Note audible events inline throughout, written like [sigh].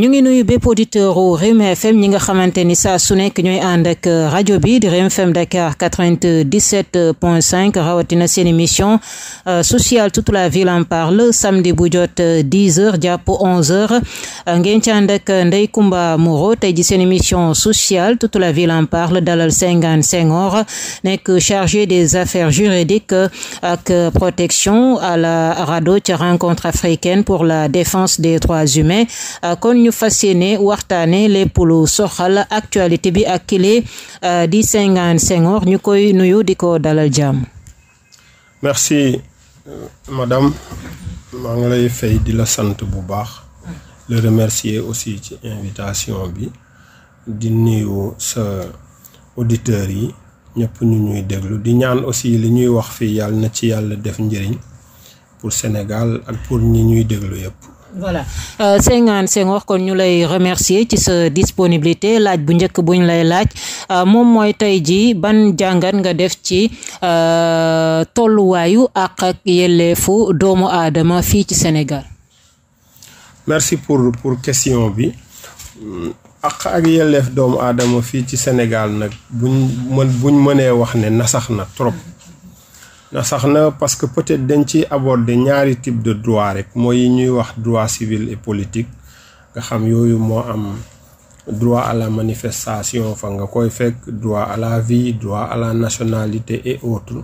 ñu ngi nuyu bépp auditeur u Rewmi FM ñi nga xamante ni saa su nekk ñooy ànd euh, rajo bi di Rewmi FM Dakar 97 point 5 rawatina seen mission euh, sociale toute la ville en parle samedi bu jot 10 euh, heures jàpp 11 heures ngeen ci ànd ak Ndeye Comba Moreau tey ji seen émission sociale toute la ville en parle dalal Senghane Senghor nekk chargé des affaires juridiques ak protection à la RADDHO ca rencontre africaine pour la défense des trois humains ñu fas yéene waxtaane lépp lu soxal actualité bi ak kile euh, di Senghane Senghor ñu koy nuyu di ko jàmm. merci euh, madame maa ngi lay fay di la sant bu baax le remercier aussi ci invitation bi di nuyu sa auditeurs yi ñëpp ñu ñuy déglu di ñaan aussi li ñuy wax fii yàlla na ci yàlla def njëriñ pour Sénégal ak pour ñi ñuy déglu yëpp voilà euh, Senghane Senghor kon ñu lay remercier ci sa disponibilité laaj bu njëkk bu lay laaj euh, moom mooy tey jii ban jàngat nga def ci euh, tolluwaayu àq ak yelleefu doomu aadama fii ci senegal merci pour pour question bi mm, àq ak doomu aadama fii ci Sénégal nag buñ mënee wax ne nasax na trop. na sax na parce que peut-être dañ ci aborder ñaari type de droit rek mooy yi ñuy wax droit civil et politique nga xam yooyu moo am droit à la manifestation fa nga koy fekk droit à la vie droit à la nationalité et autres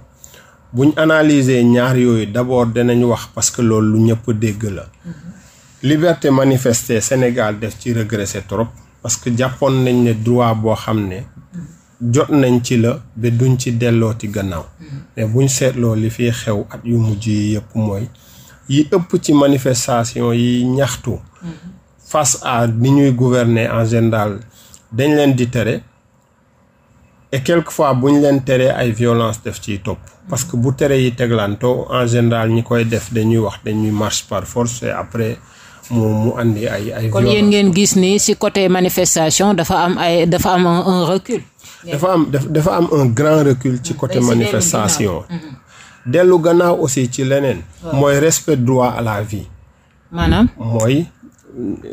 buñ analyser ñaar yooyu d'abord danañ wax parce que loolu lu ñëpp dégg la mm-hmm. liberté manifester Sénégal def ci regresser trop parce que jàppoon nañ ne droit boo xam ne jot nañ ci la ba duñ ci dellooti gannaaw mais buñ seetloo li fiy xew at yu mujj yi yëpp mooy yi ëpp ci manifestation yi ñaxtu face à ni ñuy gouverner en général dañ leen di tere et quelquefois bu ñu leen teree ay violence def ciy topp parce que bu tere yi teglantoo en général ñi koy def dañuy wax dañuy marche par force et après mu mu andi ay ay. kon yéen ngeen gis ni ci côté manifestation dafa am ay dafa am un recul. dafa am dafa am un grand recul ci côté manifestation mm-hmm. dellu gannaaw aussi ci leneen oh. mooy respect droit à la vie mooy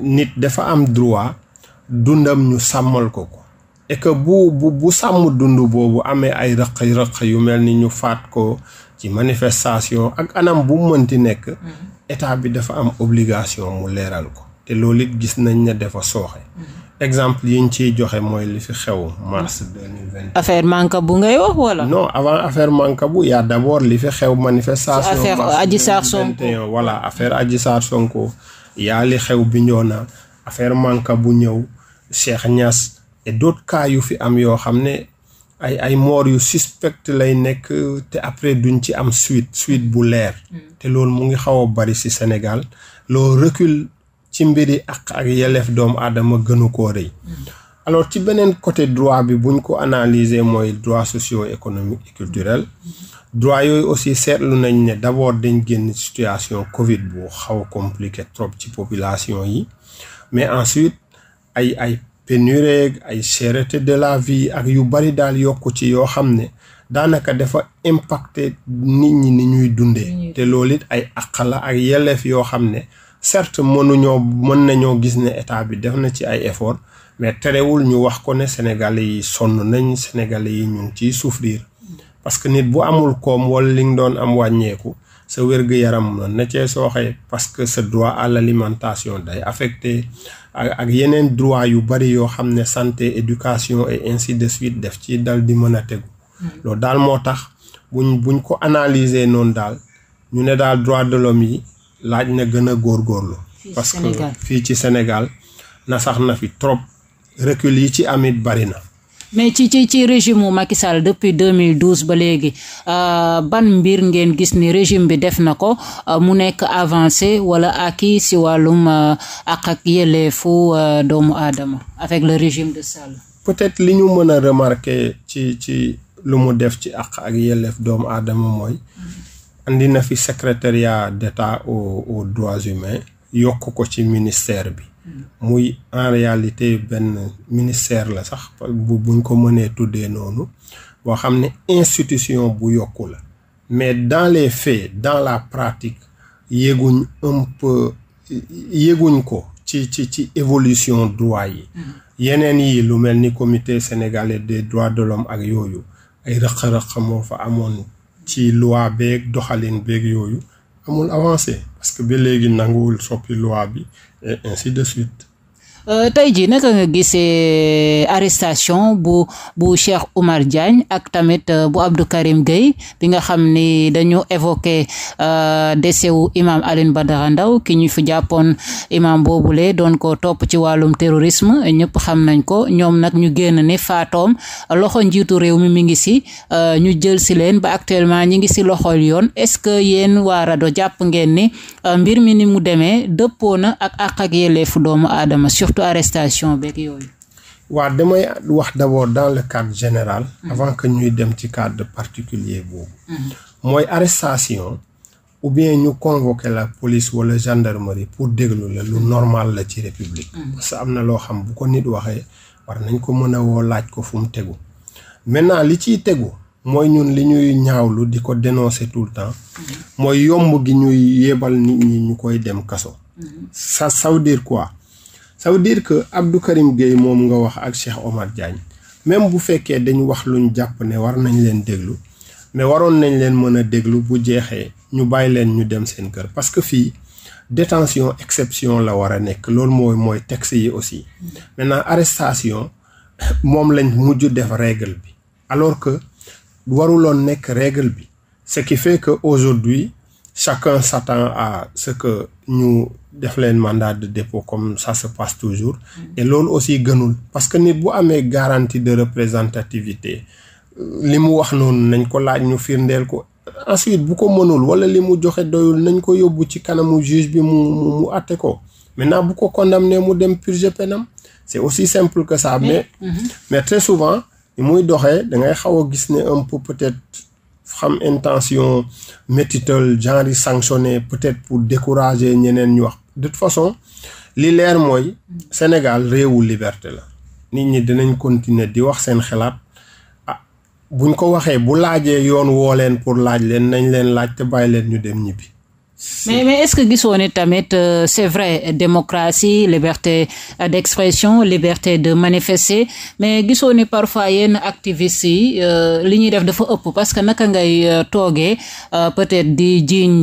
nit dafa am droit dundam ñu sàmmal ko ko et bu bu bu sàmm dund boobu amee ay rëq-rëq yu mel ni ñu faat ko ci manifestation ak anam bu mënti nekk mm-hmm. état bi dafa am obligation mu leeral ko te loolu it gis nañ ne dafa sooxe mm-hmm. exemple yi ñu ciy joxe mooy li fi xew mars 2020. affaire Mancabou ngay wax wala. no avant affaire Mancabou bu a d' abord li fi xew manifestation. affaire Adji Sarr Sonko affaire Adji Sarr Sonko. yaa li xew Bignona affaire Mancabou ñëw Cheikh Niass et d' autres cas yu fi am yoo xam ne ay ay moor yu suspect lay nekk te après duñ ci am suite suite bu leer. Hmm. te loolu mu ngi xaw bari ci Sénégal loo recul. ci mbiri ak ak yelleef doomu aadama gënu koo rëy alors ci beneen côté droit bi buñ ko analyser mooy droit socio-économique et culturel droit yooyu aussi seetlu nañ ne d'abord dañ génn situation Covid bu xaw a compliqué trop ci population yi mais ensuite ay ay pénurie ay cherté de la vie ak yu bari daal yokku ci yoo xam ne daanaka dafa impacté nit ñi ni ñuy dundee te loolu it ay àq ak yelleef yoo xam ne certes mënuñoo mën nañoo gis ne état bi def na ci ay effort mais terewul ñu wax ko ne sénégalais yi sonn nañ sénégalais yi ñun ci ciy souffrir parce que nit bu amul koom wala li nga doon am wàññeeku sa wér-gu-yaram na cee sooxee parce que sa droit à l'alimentation day affecté ak yeneen droit yu bari yoo xam ne santé éducation et ainsi de suite def ci dal di mën a tegu loolu daal moo tax buñ buñ ko analyser noonu daal ñu ne daal droit de l'homme yi laaj na gën a góor góorlu parce que fii ci Sénégal na sax na fi trop recul yi ci amit bari na mais ci ci ci régime wu Macky Sall depuis 2012 ba léegi euh, ban mbir ngeen gis ni régime bi def na ko euh, mu nekk avancé wala acquis si wàllum euh, àq ak yelleefu doomu aadama avec le régime de Sall peut-être li ñu mën a remarquer ci ci lu mu def ci àq ak yelleef doomu aadama mooy indi na fi secrétariat d'État aux aux droits humains yokk ko ci ministère bi muy en réalité benn ministère la sax bu buñ ko mënee tuddee noonu boo xam ne institution bu yokku la mais dans les faits dans la pratique yëguñ un peu ko ci ci ci évolution droit yi yeneen yi lu mel ni comité sénégalais des droits de l'homme ak yooyu ay rëq-rëq moo fa amoon ci loi beeg doxalin beeg yooyu amul avancé parce que ba léegi nanguwul soppi loi bi et ainsi de suite Euh, tey jii naka nga gisee arrestation bu bu Cheikh Oumar Diagne ak tamit euh, bu Abdou Karim Gueye bi nga xam ni dañu évoqué euh, décès wu imam Alioune Badara ndaw ki ñu fi jàppoon imam boobule doon ko topp ci wàllum terrorisme ñëpp xam nañ ko ñoom nag ñu génn ni faatoom loxo njiitu réew mi mi ngi si ñu jël si leen ba actuellement ñi ngi si loxol yoon est-ce que yenn waa RADDHO jàpp ngeen ni mbir mi ni mu demee dëppoo na ak àq ak yelleefu doomu aadama surtout surtout arrestation damay wax d'abord dans le cadre général. Mm-hmm. avant que ñuy dem ci cadre particulier boobu. Mm-hmm. mooy arrestation. ou bien ñu convoquer la police wala gendarmerie pour déglu la lu mm-hmm. normal la ci république. parce am na loo xam bu ko nit waxee war nañ ko mën a woo laaj ko fu mu tegu. maintenant li ciy tegu mooy ñun li ñuy ñaawlu di ko dénoncer tout le temps. mooy yomb gi ñuy yebal nit ñi ñu koy dem kaso. ça ça quoi. ça veut que Abdou Karim Gueye moom nga wax ak Cheikh Omar Diagne même bu fekkee dañu wax luñ jàpp ne war nañ leen déglu mais waroon nañ leen mën a déglu bu jeexee ñu bàyyi leen ñu dem seen kër parce que fii détention exception la war a nekk loolu mooy mooy texte yi aussi maintenant arrestation [coughs] moom lañ mujj def règle bi alors que waruloon nekk règle bi ce qui fait que aujourd'hui chacun s'attend à ce que ñu def leen mandat de dépôt comme ça se passe toujours et loolu aussi gënul parce que nit bu amee garantie de représentativité li mu wax noonu nañ ko laaj ñu firndeel ko ensuite bu ko mënul wala li mu joxe doyul nañ ko yóbbu ci kanamu juge bi mu mu mu àtte ko maintenant bu ko ne mu dem purger penam c'est aussi simple que ça mais mais très souvent ni muy doxee da ngay xaw a gis ni un peu peut-être xam intention métital genre sanctionné peut-être pour décourager ñeneen ñu wax de toute façon li leer mooy Sénégal réewu liberté la nit ñi dinañ continuer di wax seen xalaat a ah, buñ ko waxee bu laajee yoon woo leen pour laaj leen nañ leen laaj te bàyyi leen ñu dem ñibbi mais mais est-ce que gisoo ni tamit euh, c'est vrai démocratie liberté d'expression liberté de manifester mais gisoo ne parfois yenn activistes yi euh, li ñuy def dafa ëpp parce que naka ngay euh, toogee peut-être di jiiñ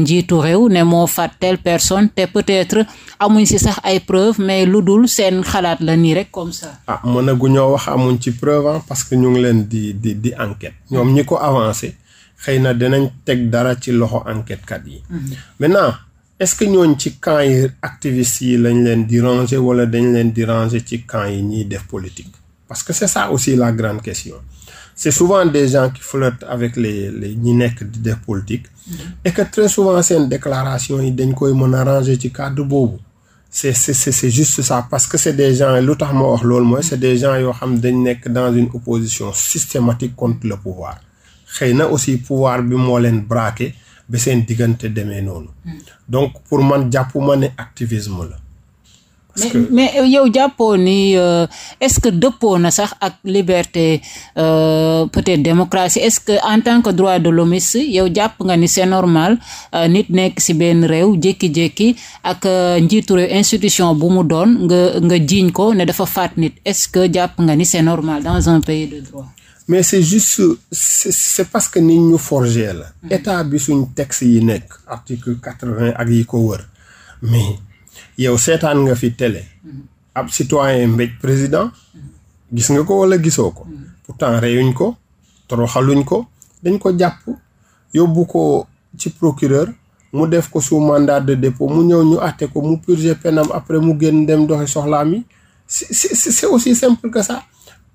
njiitu réew ne moo faat tele personne te peut-être amuñ si sax ay preuves mais lu dul seen xalaat la nii rek comme ça. ah mën a gu ñoo wax amuñ ci preuve parce que ñu ngi leen di di di enquête ñoom ñi ko avancé. xëy na dinañ teg dara ci loxo enquête kat yi. Mhm. maintenant est-ce que ñooñ ci camp yi activistes yi lañ leen di ranger wala dañu leen di ranger ci camp yi ñuy def politique. parce que c'est ça aussi la grande question c'est souvent des gens qui flirtent avec les ñi nekk di def politique. Mhm. et que très souvent seen déclaration yi dañ koy mën a ranger ci cadre boobu. c'est c'est c'est juste parce que c'est des gens lu tax ma wax loolu mooy c'est des gens yoo xam dañ nekk dans une opposition systématique contre le pouvoir. xëy na aussi pouvoir bi moo leen braqué ba seen diggante demee noonu. Hmm. donc pour man jàpp ma ne activisme la. parce que mais mais yow jàppoo ni euh, est-ce que dëppoo na sax ak liberté euh, peut-être démocratie est-ce que en tant que droit de l'hommiste yow jàpp nga ni c'est normal euh, nit nekk ci benn réew jékki-jékki ak njiitu réew institution bu mu doon nga nga jiiñ ko ne dafa faat nit est-ce que jàpp nga ni c'est normal dans un pays de droit. mais c' est juste c' est parce que nit ñu forger la. Mm-hmm. état bi suñ texte yi nekk. article quatre vingt ak yi ko wër. mais yow seetaan nga fi télé. Mm-hmm. ab sitoyen mbéj président. Mm-hmm. gis nga ko wala gisoo ko. pourtant reyuñ ko. toroxaluñ ko. dañ ko jàpp yóbbu ko ci procureur. mu def ko su mandat de dépôt mu ñëw ñu àtte ko mu purger penam après mu génn dem doxi soxlaa mi c' est aussi simple que sax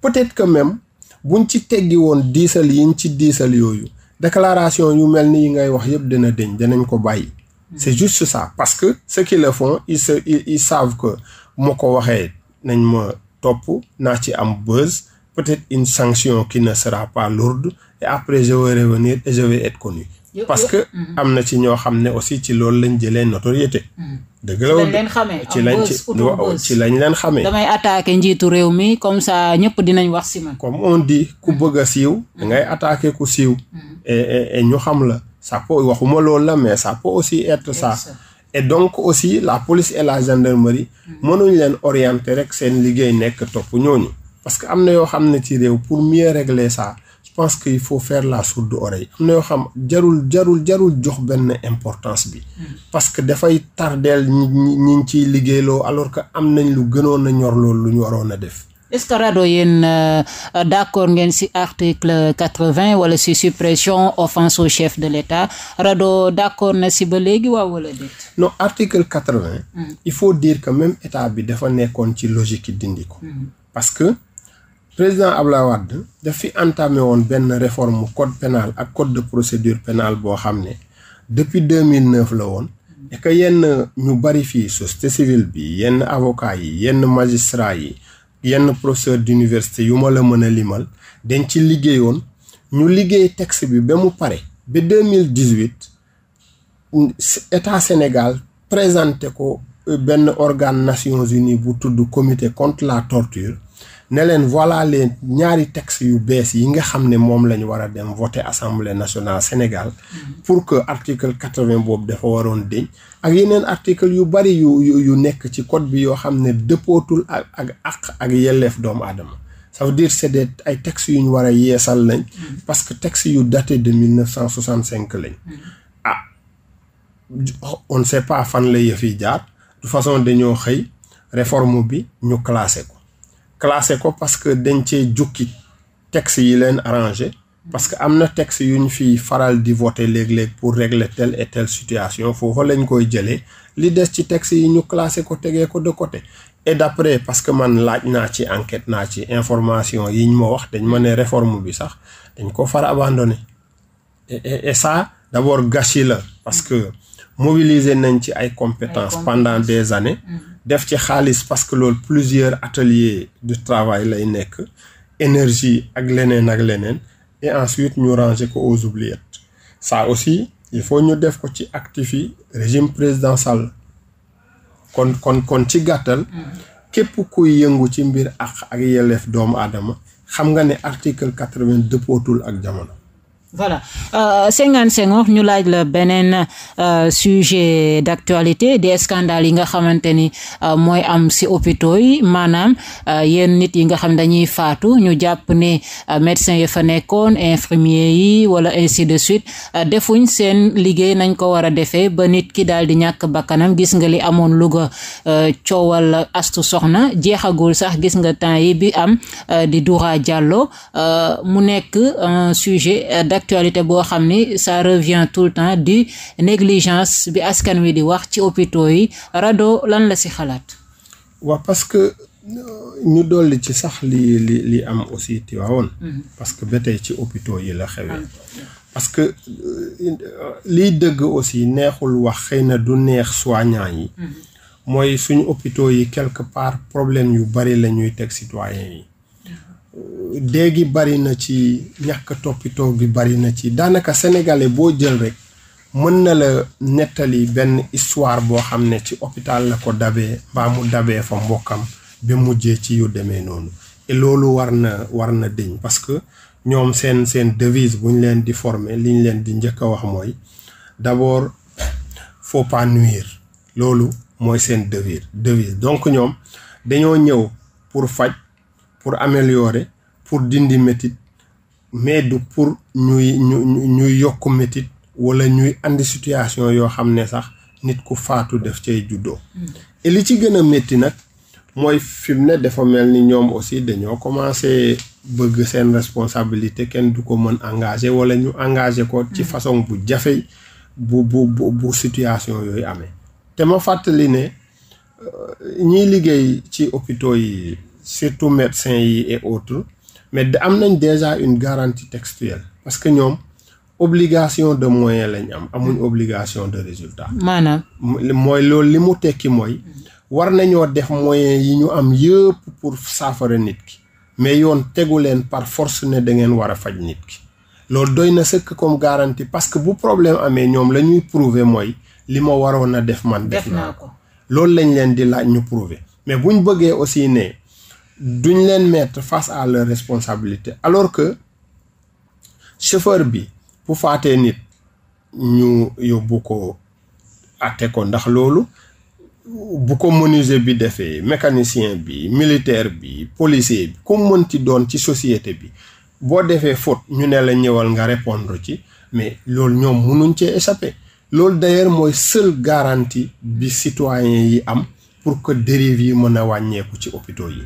peut-être que même. buñ ci teggi woon diisal yiñ ci diisal yooyu déclaration yu mel ni yi ngay wax yëpp dina dëñ dinañ ko bàyyi hmm. c'est juste ça parce que ceux qui le font ils se que ma ko waxee nañ ma topp naa ci am buzz peut-être une sanction qui na sera pas lourde et après je vais et je vais être connu parce que hmm. am na ci ñoo xam ne aussi ci loolu lañ jëlee notoriété hmm. dëgg la woon leen xamee ci lañ ci lañ leen xamee. damay attaqué njiitu réew mi comme ça ñëpp dinañ wax si man. comme on di ku bëgg a siiw. da mm. ngay attaqué ku siiw. e ñu xam la. ça peut waxuma loolu la mais ça peut aussi être ça. et donc aussi la police et la gendarmerie. Mm. mënuñ leen orienter rek seen liggéey nekk topp ñooñu. parce que am na yoo xam ne ci réew pour mieux régler sa pense que il faut faire la sourde oreille am na yoo xam jarul jarul jox benn importance bi. parce que dafay tardeel ñi ñi ñi ngi ciy liggéeyloo alors que am nañ lu gënoon a ñor loolu lu ñu waroon a def. est-ce que Rado yéen euh, d' accord ngeen ci article quatre-vingt wala ci suppression offense au chef de l'État Rado d' accord na si ba léegi waaw wala déet. non article quatre-vingt. Mm. il faut dire que même état bi dafa nekkoon ci logique yi dindi ko. Mm. président Abdoulaye Wade daf fi entamé woon benn réforme code pénal ak code de procédure pénale boo xam ne depuis 2009 la woon et que yenn ñu bari fii société civile bi yenn avocat yi yenn magistrat yi yenn professeur d'université yu ma la mën a limal dañ ci liggéey liggéeyoon ñu liggéey texte bi ba mu pare ba 2018 état Sénégal présenté ko benn organe Nations Unies bu tudd comité contre la torture ne leen voilà les ñaari textes yu bees yi nga xam ne moom la ñu war a dem voter assemblée nationale Sénégal pour que article quatre-vingt boobu dafa waroon déñ ak yeneen article yu bari yu yu nekk ci code bi yoo xam ne dëppootul ak ak ak ak yelleef doomu aadama ça veut dire c'est des ay tex yu war a yeesal lañ parce que textes yu daté de mille neuf cent soixante lañ ah on ne sait pas fan la yëf fi jaar du façon dañoo xëy réforme bi ñu classé ko classé ko parce que dañ cee jukki texte yi leen arrangé parce que am na texte yu ñu fiy faral di voter léeg-léeg pour régler telle et telle situation foofa lañ koy jëlee li des ci texte yi ñu classé ko tegee ko de côté et d'après parce que man laaj naa ci enquête naa ci information yi ñu ma wax dañ ma ne réforme bi sax dañ ko far abandonné et ça d'abord gâchis la parce que mobiliser nañ ci ay compétences pendant des années mm. def ci xaalis parce que loolu plusieurs ateliers du travail lay nekk énergie ak leneen ak leneen et ensuite ñu ranger ko aux oubliettes saa aussi il faut ñu def ko ci actif yi régime président Sall kon kon kon ci gàttal képp kuy yëngu ci mbir àq ak yelleef doomu aadama xam nga ne article quatre-vingt dëppootul ak jamono voilà Senghane euh, ñu laaj la beneen euh, sujet d'actualité des scandales yi nga xamante ni euh, mooy am ci hôpitaux yi maanaam yéen nit yi nga xam dañuy faatu ñu jàpp ni médecin yi fa nekkoon infirmier yi wala ainsi de suite defuñ seen liggéey nañ ko war a defee ba nit ki daal di ñàkk bakkanam gis nga li amoon Louga coowal astu soxna jeexagul sax gis nga temps yi bi am di Doura jàlloo mu nekk sujet actualité boo xam ni ça revient tout le temps du négligence bi askan wi di wax ci hôpitaux yi Rado lan la si xalaat. waa parce que euh, ñu dolli ci sax li li am aussi Tivaouane. Mhm. parce que ba tey ci hôpitaux yi la xewee. Ah. parce que euh, liy dëgg aussi neexul wax xëy na du neex soignants yi. Mhm. mooy suñu hôpitaux yi quelque part problème yu bari la teg citoyens yi. dee gi bari na ci ñàkk toppitoo bi bari na ci daanaka sénégalais boo jël rek mën na la nettali benn histoire boo xam ne ci hôpital la ko dabee mbaa mu dabee fa mbokkam ba mujjee ci yu demee noonu et loolu war na war na dëñ parce que ñoom seen seen devise buñ leen di former liñ leen di njëkk a wax mooy d'abord faut pas nuire loolu mooy seen devise devise donc ñoom dañoo ñëw pour faj pour améliorer pour dindi métit mais du pour ñuy ñu ñu ñuy yokk métit wala ñuy andi situation yoo xam ne sax nit ku faatu def cay juddoo mm. et li ci gën a métti nag mooy fi mu ne dafa mel ni ñoom aussi dañoo commencé bëgg seen responsabilité kenn du ko mën engagé wala ñu engagé ko ci mm. façon bu jafe bu bu bu bu situation yooyu amee te ma fàttali ne euh, ñiy liggéey ci hôpitaux yi surtout médecins yi et autres mais am nañ déjà une garantie textuelle parce que ñoom obligation de moyens lañ am amuñ obligation de résultat. maanaam. mooy loolu li mu tekki mooy. war nañoo def moyens yi ñu am yëpp pour saafara nit ki mais yoon tegu leen par force ne da ngeen war a faj nit ki loolu doy na sëkk comme garantie parce que bu problème amee ñoom la ñuy prouver mooy li ma waroon a def man. def naa ko loolu lañ leen di laaj ñu prouver mais buñ bëggee aussi ne. duñ leen mettre face à leur responsabilité alors que chauffeur bi bu faatee nit ñu yóbbu ko ate ko ndax loolu bu ko menuisier bi defee mécanicien bi militaire bi policier bi ku mën ci doon ci société bi boo defee faute ñu ne la ñëwal nga répondre ci mais loolu ñoom mënuñ cee échapper loolu d'ailleurs mooy seule garantie bi citoyen yi am pour que dérive yi mën a wàññeeku ci hôpitaux yi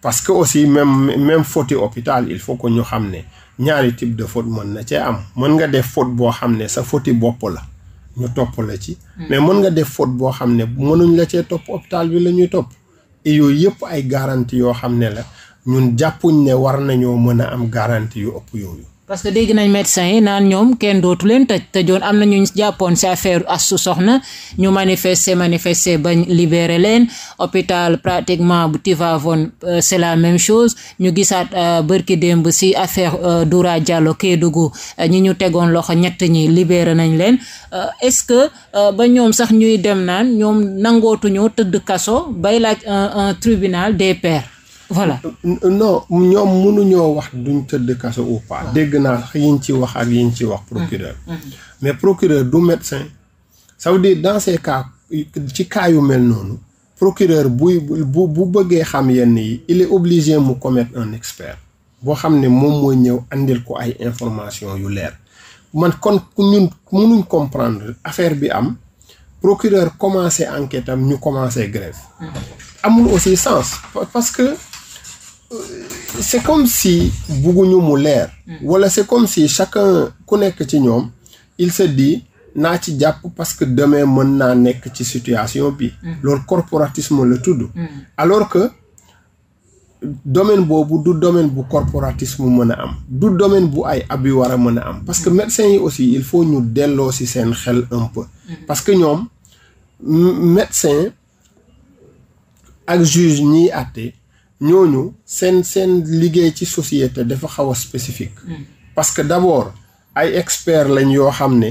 parce que aussi même même faute hôpital il faut que ñu xam ne ñaari type de faute mën na cee am mën nga def foot boo xam ne sa faute bopp la ñu topp la ci mm. mais mën nga def foot boo xam ne mënuñ la cee topp hôpital bi la ñuy topp et yooyu yëpp ay garantie yoo xam ne la ñun jàppuñ ne war nañoo mën a am garantie yu ëpp yooyu parce que dégg nañ médecins yi naan ñoom kenn dootu leen tëj tëjoon am na ñu jàppoon ci affaire Astou soxna ñu manifester manifester bañ libérer leen hôpital pratiquement bu Tivaouane euh, c'est la même chose ñu gisaat euh, bërki démb ci affaire euh, Doura Diallo Kédougou ñi ñu tegoon loxo ñett ñi libérer nañ leen est-ce que ba ñoom sax ñuy dem naan ñoom nangootuñu tëdd kaso bay laaj un tribunal des pairs voilà non ñoom mënuñoo wax duñ tëdd kaso ou pas ah. dégg naa sax yiñ ci wax ak yi ñu ci wax procureur mm-hmm. Mm-hmm. mais procureur du médecin ça veut dire dans ces cas ci cas yu mel noonu procureur buy bu bu bëggee xam yenn yi il est obligé mu commettre un expert boo xam ne moom mooy ñëw andil ko ay information yu leer man kon ñun mënuñ comprendre affaire bi am procureur commencé enquête am ñu commencé grève mm-hmm. amul aussi sens parce c'est comme si bugguñu mu leer hmm. wala c'est comme si chacun ku nekk ci ñoom il se dit naa ci jàpp parce que demain mën naa nekk ci situation bi hmm. loolu corporatisme la tudd hmm. alors que domaine boobu du domaine bu corporatisme mën a am du domaine bu ay ab yi war a mën a am parce que médecins yi aussi il faut ñu delloo ci seen xel un peu que ñoom médecin ak juge ñiy àtte ñooñu seen seen liggéey ci société dafa xaw a spécifique. Hmm. parce que d' abord ay experts lañ yoo xam ne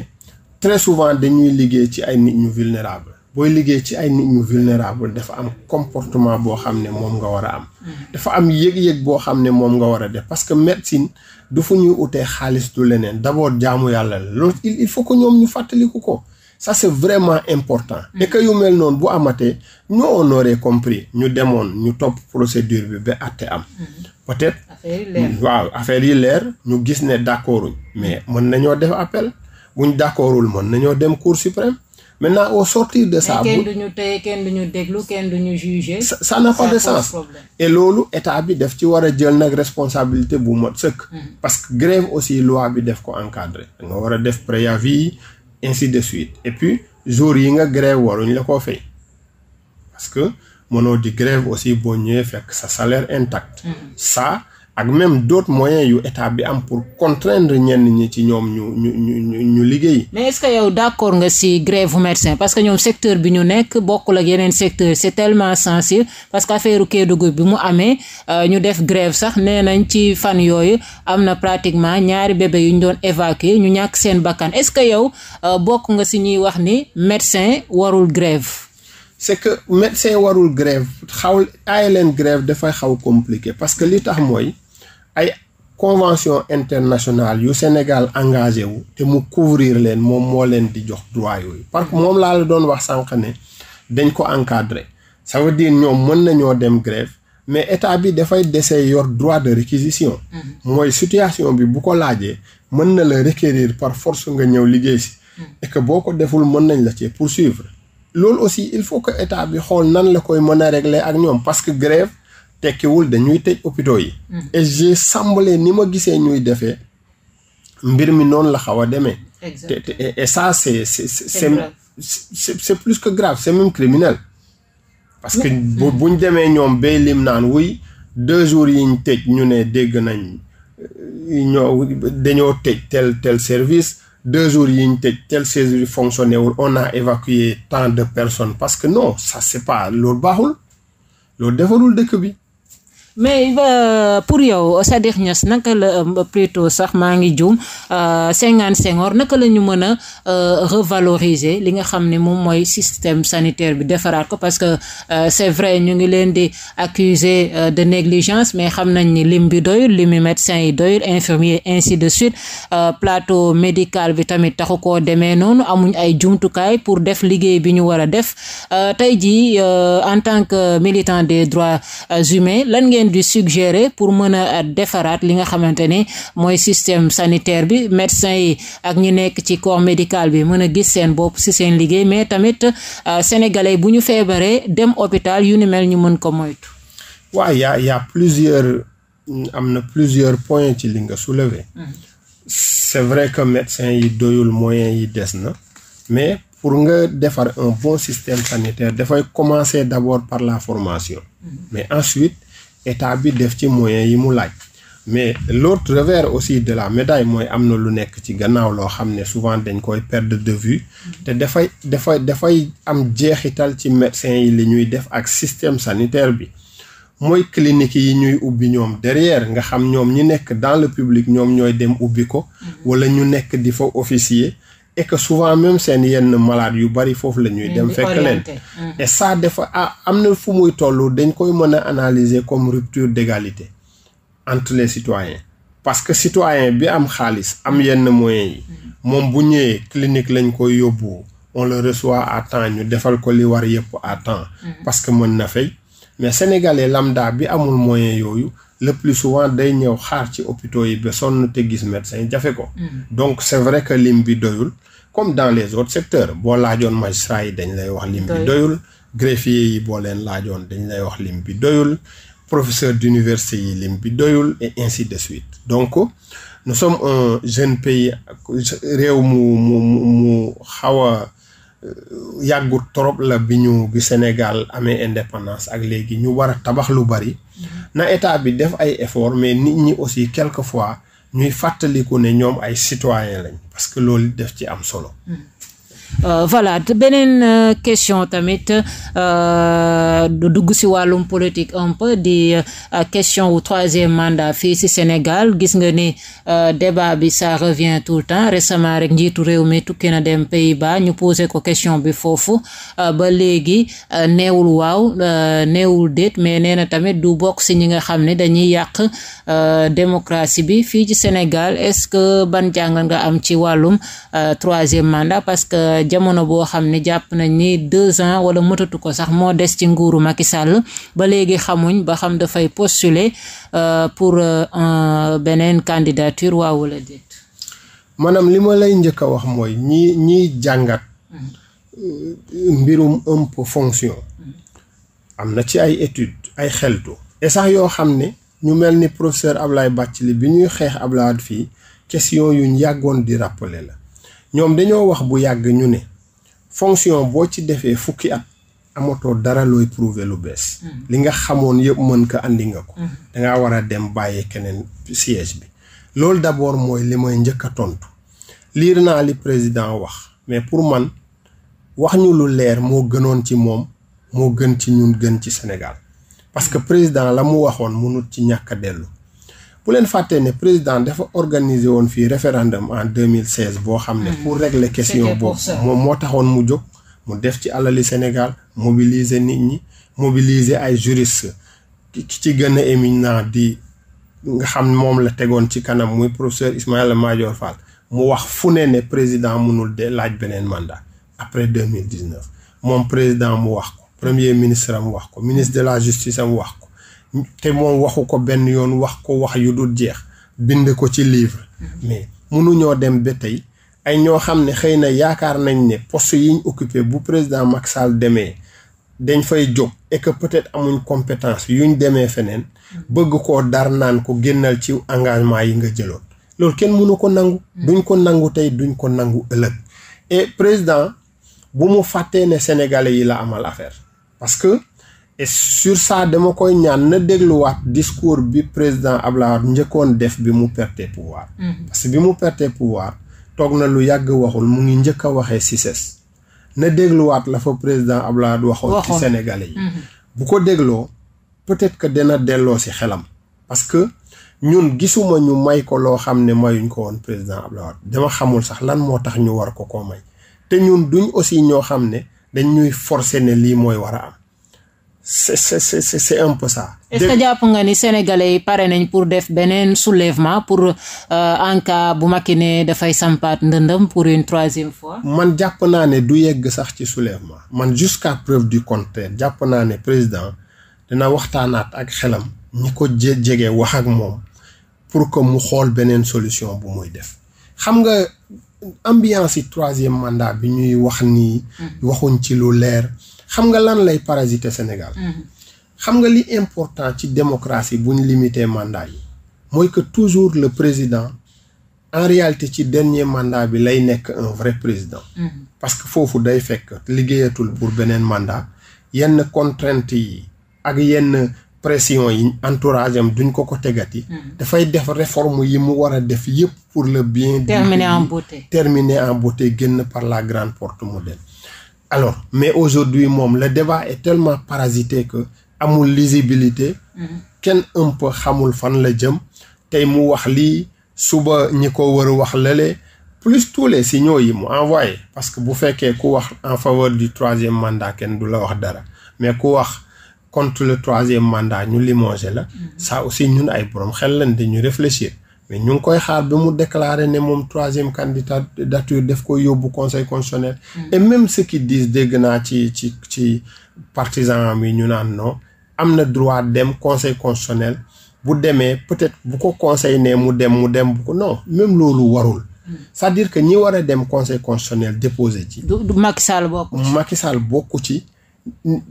très souvent dañuy liggéey ci ay nit ñu vulnérable booy liggéey ci ay nit ñu vulnérable dafa am comportement boo xam ne moom nga war a am. Hmm. dafa am yëg-yëg boo xam ne moom nga war a def parce que médecine du fu ñuy utee xaalis du leneen d' abord jaamu yàlla la loolu il faut que ñoom ñu fàttaliku ko. ça c'est vraiment important. et que yu mel noonu bu amatee ñu on aurait compris ñu demoon ñu topp procédure bi ba àtte am. Mm-hmm. peut-être waaw affaire yi leer ñu gis ne d'accorduñ mais mën nañoo def appel buñ d'accordul mën nañoo dem cour suprême maintenant au sortir de ça. mais ñu téye kenn du ñu déglu kenn ñu juger. ça n'a pas de loolu état bi def ci war a jël nag responsabilité bu mot sëkk. Mm-hmm. parce que grève aussi loi bi def ko encadré. nga war a def préavis. ainsi de suite et puis jour yi nga grève waruñ la koo fay parce que mënoo di grève aussi boo ñëwee fekk sa salaire intact mm-hmm. ça ak même d' autres moyens yu état bi am pour contraindre ñenn ñi ci ñoom ñu ñu ñu ñu liggéey. mais est ce que yow d' accord nga si grève médecin parce que ñoom secteur bi ñu nekk bokkul ak yeneen secteur c' est tellement sensible parce que affaire Kédougou bi mu amee euh, ñu def grève sax nee nañ ci fan yooyu am na pratiquement ñaari bébé yu ñu doon évacuer ñu ñàkk seen bakkan est ce que yow euh, bokk nga si ñuy wax ni médecin warul grève. c'est que médecin warul grève xaw aay leen grève dafay xaw compliqué parce que li tax mooy ay convention internationale yu Sénégal engagé wu te mu couvrir leen moom moo leen di jox droit yooyu parce que moom laa la doon wax sànq ne dañ ko encadrer ça veut dire ñoom mën nañoo dem grève mais état bi dafay dese yor droit de réquisition mm-hmm. mooy situation bi bu ko laajee mën na la requérir par force nga ñëw liggéey si mm-hmm. et que boo ko deful mën nañ la ci poursuivre loolu aussi il faut que état bi xool nan la koy mën a régler ak ñoom parce que grève tekkiwul dañuy tëj hôpitaux yi. Mm-hmm. et j'ai ni ma gisee ñuy defee mbir mi noonu la xaw a demee. te et ça c'est c'est c'est c'est plus que grave c'est même criminel. parce que mm-hmm. bu buñ demee ñoom bay lim naan wuy deux jours yiñ tëj ñu ne dégg nañ euh, ñoo dañoo tëj tel tel service deux jours yiñ tëj tel service fonctionné wul on a évacué tant de personnes parce que non ça c'est pas loolu baaxul loolu defarul dëkk bi mais euh, pour yow Sadikh Niass naka la euh, plutôt sax maa ngi juum euh, Senghane Senghor naka la ñu mën a euh, revaloriser li nga xam ne moom mooy système sanitaire bi defaraat ko parce que euh, c'est vrai ñu ngi leen di accuser euh, de négligence mais xam nañ ni lim bi doyul limi médecin yi doyul infirmier ainsi de suite plateau médical bi tamit taxu ko demee noonu amuñ ay jumtukaay pour def liggéey bi ñu war a def tey jii en tant que militant des droits humains lan ngeen ngeen di suggérer pour mën a defaraat li nga xamante ni mooy système sanitaire bi médecin yi ak ñu nekk ci corps médical bi mën a gis seen bopp si seen liggéey mais tamit euh, sénégalais bu ñu feebaree dem hôpital yu ni mel ñu mën ko moytu. waaw y a y plusieurs mm, am na plusieurs points ci li nga soulever. Mm-hmm. c'est vrai que médecin yi doyul moyens yi des na mais pour nga defar un bon système sanitaire dafay commencer d'abord par la formation mm-hmm. mais ensuite état bi def ci moyens yi mu laaj mais l'autre revers aussi de la médaille mooy am na lu nekk ci gannaaw loo xam ne souvent dañ koy perdre de vue te dafay dafay dafay am jeexital ci médecins yi li ñuy def ak système sanitaire bi mooy clinique yi ñuy ubbi ñoom derrière nga xam ñoom ñi nekk dans le publique ñoom ñooy dem ubbi ko mm-hmm. wala ñu nekk di fa officier et que souvent même seen yenn malade yu bari foofu la ñuy mm, dem fekk leen mm. et ça defa ah am na fu muy toll dañ koy mën a analyser comme rupture d'égalité entre les citoyens parce que citoyen bi am xaalis am mm. yenn moyens yi moom bu ñëwee clinique lañ koy yóbbu on le reçoit à temps ñu defal ko li war yëpp à temps parce mën na fay mais sénégalais lambda bi amul moyen yooyu le plus souvent day ñëw xaar ci hôpitaux yi ba sonn te gis médecin jafe ko. Mm. donc c'est vrai que lim bi doyul. comme dans les autres secteurs boo laajoon magistrat yi dañ lay wax lim bi doyul greffier yi boo leen laajoon dañ lay wax lim bi doyul professeur d'université yi lim bi doyul et ainsi de suite donc nous sommes un jeune pays réew mu mu mu xaw a euh, yàggut trop la bi ñu bi Sénégal amee indépendance ak léegi ñu war a tabax lu bari na état bi def ay effort mais nit ñi aussi quelque fois ñuy fàttaliku ne ñoom ay citoyen lañ parce que loolu def ci am solo. Mm. Euh, voilà te beneen euh, question tamit euh, du dugg si wàllum politique un peu di question wu troisième mandat fii si Sénégal gis nga ni débat bi ça revient tout le temps récemment rek njiitu réew mi tukki na dem pays ba ñu posé ko question bi foofu ba léegi neewul waaw neewul déet mais nee na tamit du bokk si ñi nga xam ne dañuy yàq démocratie bi fii ci Sénégal est-ce que ban jàngal nga am ci wàllum troisième mandat parce jamono boo xam ne jàpp nañ ni deux ans wala mëtatu ko sax moo des ci nguuru Macky Sall ba léegi xamuñ ba xam dafay postuler euh, pour euh, beneen candidature waaw wala déet. maanaam li ma lay njëkk a wax mooy ñi ñiy jàngat. Mm-hmm. mbirum ëmp fonction. Mm-hmm. am na ci ay étude ay xeltu. et sax yoo xam ne ñu mel ni professeur Ablaye Bathily bi ñuy xeex Ablaye fii question yu ñu yàggoon di rappeler la. ñoom dañoo wax bu yàgg ñu ne fonction boo ci defee fukki at amatoo dara looy prouver lu bees. Hmm. li nga xamoon yëpp mën ko andi nga ko. Hmm. dangaa war a dem bàyyi keneen siège bi. loolu d'abord mooy li may njëkk a tontu liir naa li président wax mais pour man wax ñu lu leer moo gënoon ci moom moo gën ci ñun gën ci Sénégal parce que président la mu waxoon mënut ci ñàkk a dellu. bu leen fàttee ne président dafa organiser woon fii référendum en 2016 boo xam ne pour régler question boobu moom moo taxoon mu jóg mu def ci alali Sénégal mobiliser nit ñi mobiliser ay juris ci gën a éminent di nga xam moom la tegoon ci kanam muy professeur Ismaïla Madior Fall mu wax fu ne ne président mënul de laaj beneen mandat après 2019 moom président mu wax ko premier ministre am wax ko ministre de la justice am wax ko te moom waxu ko benn yoon wax ko wax yu dul jeex bind ko ci livre mm-hmm. mais mënuñoo dem ba tey ay ñoo xam ne xëy na yaakaar nañ ne post yi ñu bu président Macky Sall demee dañ fay jóg et que peut-être amuñ compétence yuñ demee feneen mm-hmm. bëgg ko dar naan ko génnal ci engagement yi nga jëloon loolu kenn mënu ko nangu mm-hmm. duñ ko nangu tey duñ ko nangu ëllëg et président bu mu fàttee ne sénégalais yi la amal affaire parce sur ça dama koy ñaan na dégluwaat discours bi président Abdoulaye Wade njëkkoon def bi mu perte pouvoir. Mhm. parce que bi mu perte pouvoir toog na lu yàgg waxul mu ngi njëkk a waxee CICES na dégluwaat la fa président Abdoulaye Wade waxoon ci Sénégalais yi. Mhm. bu ko dégloo peut-être que dana delloo si xelam parce que. ñun gisuma ñu may ko loo xam ne mayuñ ko woon président Abdoulaye Wade dama xamul sax lan moo tax ñu war ko koo may te ñun duñ aussi ñoo xam ne dañ ñuy forcer ne lii mooy war c'est est-ce jàpp nga ni sénégalais yi pare nañ pour def beneen soulèvement pour euh, en cas bu Macky ne dafay sampaat ndëndëm pour une troisième fois. man jàpp naa ne du yegg sax ci soulèvement man jusqu'à preuve du contraire jàpp naa ne président dana waxtaanaat ak xelam. ñi ko je jege wax ak moom pour que mu xool beneen solution bu muy def xam nga ambiance yi troisième mandat bi ñuy wax nii. Mm-hmm. waxuñ ci lu leer. xam nga lan lay parasiter Sénégal. Mm-hmm. xam nga li important ci démocratie bu ñu limité mandat yi. mooy que toujours le président en réalité ci dernier mandat bi lay nekk un vrai président. Mm-hmm. parce que foofu day fekk liggéeyatul pour beneen mandat yenn contraintes yi ak yenn pression yi entourage am duñ ko ko tegati. Mm-hmm. dafay def réforme yi mu war a def yépp pour le bien. terminer en terminer en beauté génn par la grande porte moderne. alors mais aujourd'hui moom la débat est tellement parasité que amul lisibilité mm-hmm. kenn un xamul fan la jëm tey mu wax lii suba ñi ko war a wax lale plus tous les signaux yi mu envoyé parce que bu fekkee ku wax en faveur du troisième mandat kenn du la wax dara mais ku wax contre le troisième mandat ñu limogé la saa mm-hmm. aussi ñun ay borom xel lañ dañu réfléchir mais ñu ngi koy xaar ba mu déclarer ne moom troisième candidature def ko yóbbu conseil constitutionnel. Mm. et même ceux dégg naa ci ci ci partisan yi ñu naan non am na droit dem conseil constitutionnel bu demee peut-être bu ko conseil ne mu dem mu dem bu ko non même loolu warul. Mm. c'est-à-dire que ñi war a dem conseil constitutionnel déposé ci. du du Macky Sall bokku ci ci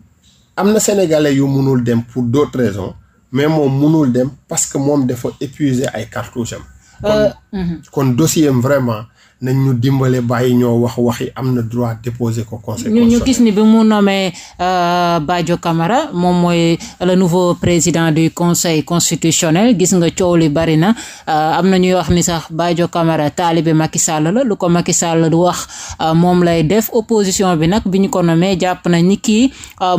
am na sénégalais yu munul dem pour d'autres raisons. mais moom munul dem parce que moom dafa épuiser a cartouches am. Euh, mhm. kon dossier am vraiment. nañ ñu dimbale bàyyi ñoo wax waxi am na droit déposer ko conseil ñu ñu gis ni bi mu nommé euh, Badio Camara moom mooy euh, le nouveau président du conseil constitutionnel gis nga coow li bari na euh, am na ñuy wax ni sax Badio Camara taalibe Macky Sall la lu ko Macky Sall du wax moom lay def opposition bi nag bi ñu ko nommé jàpp na ni kii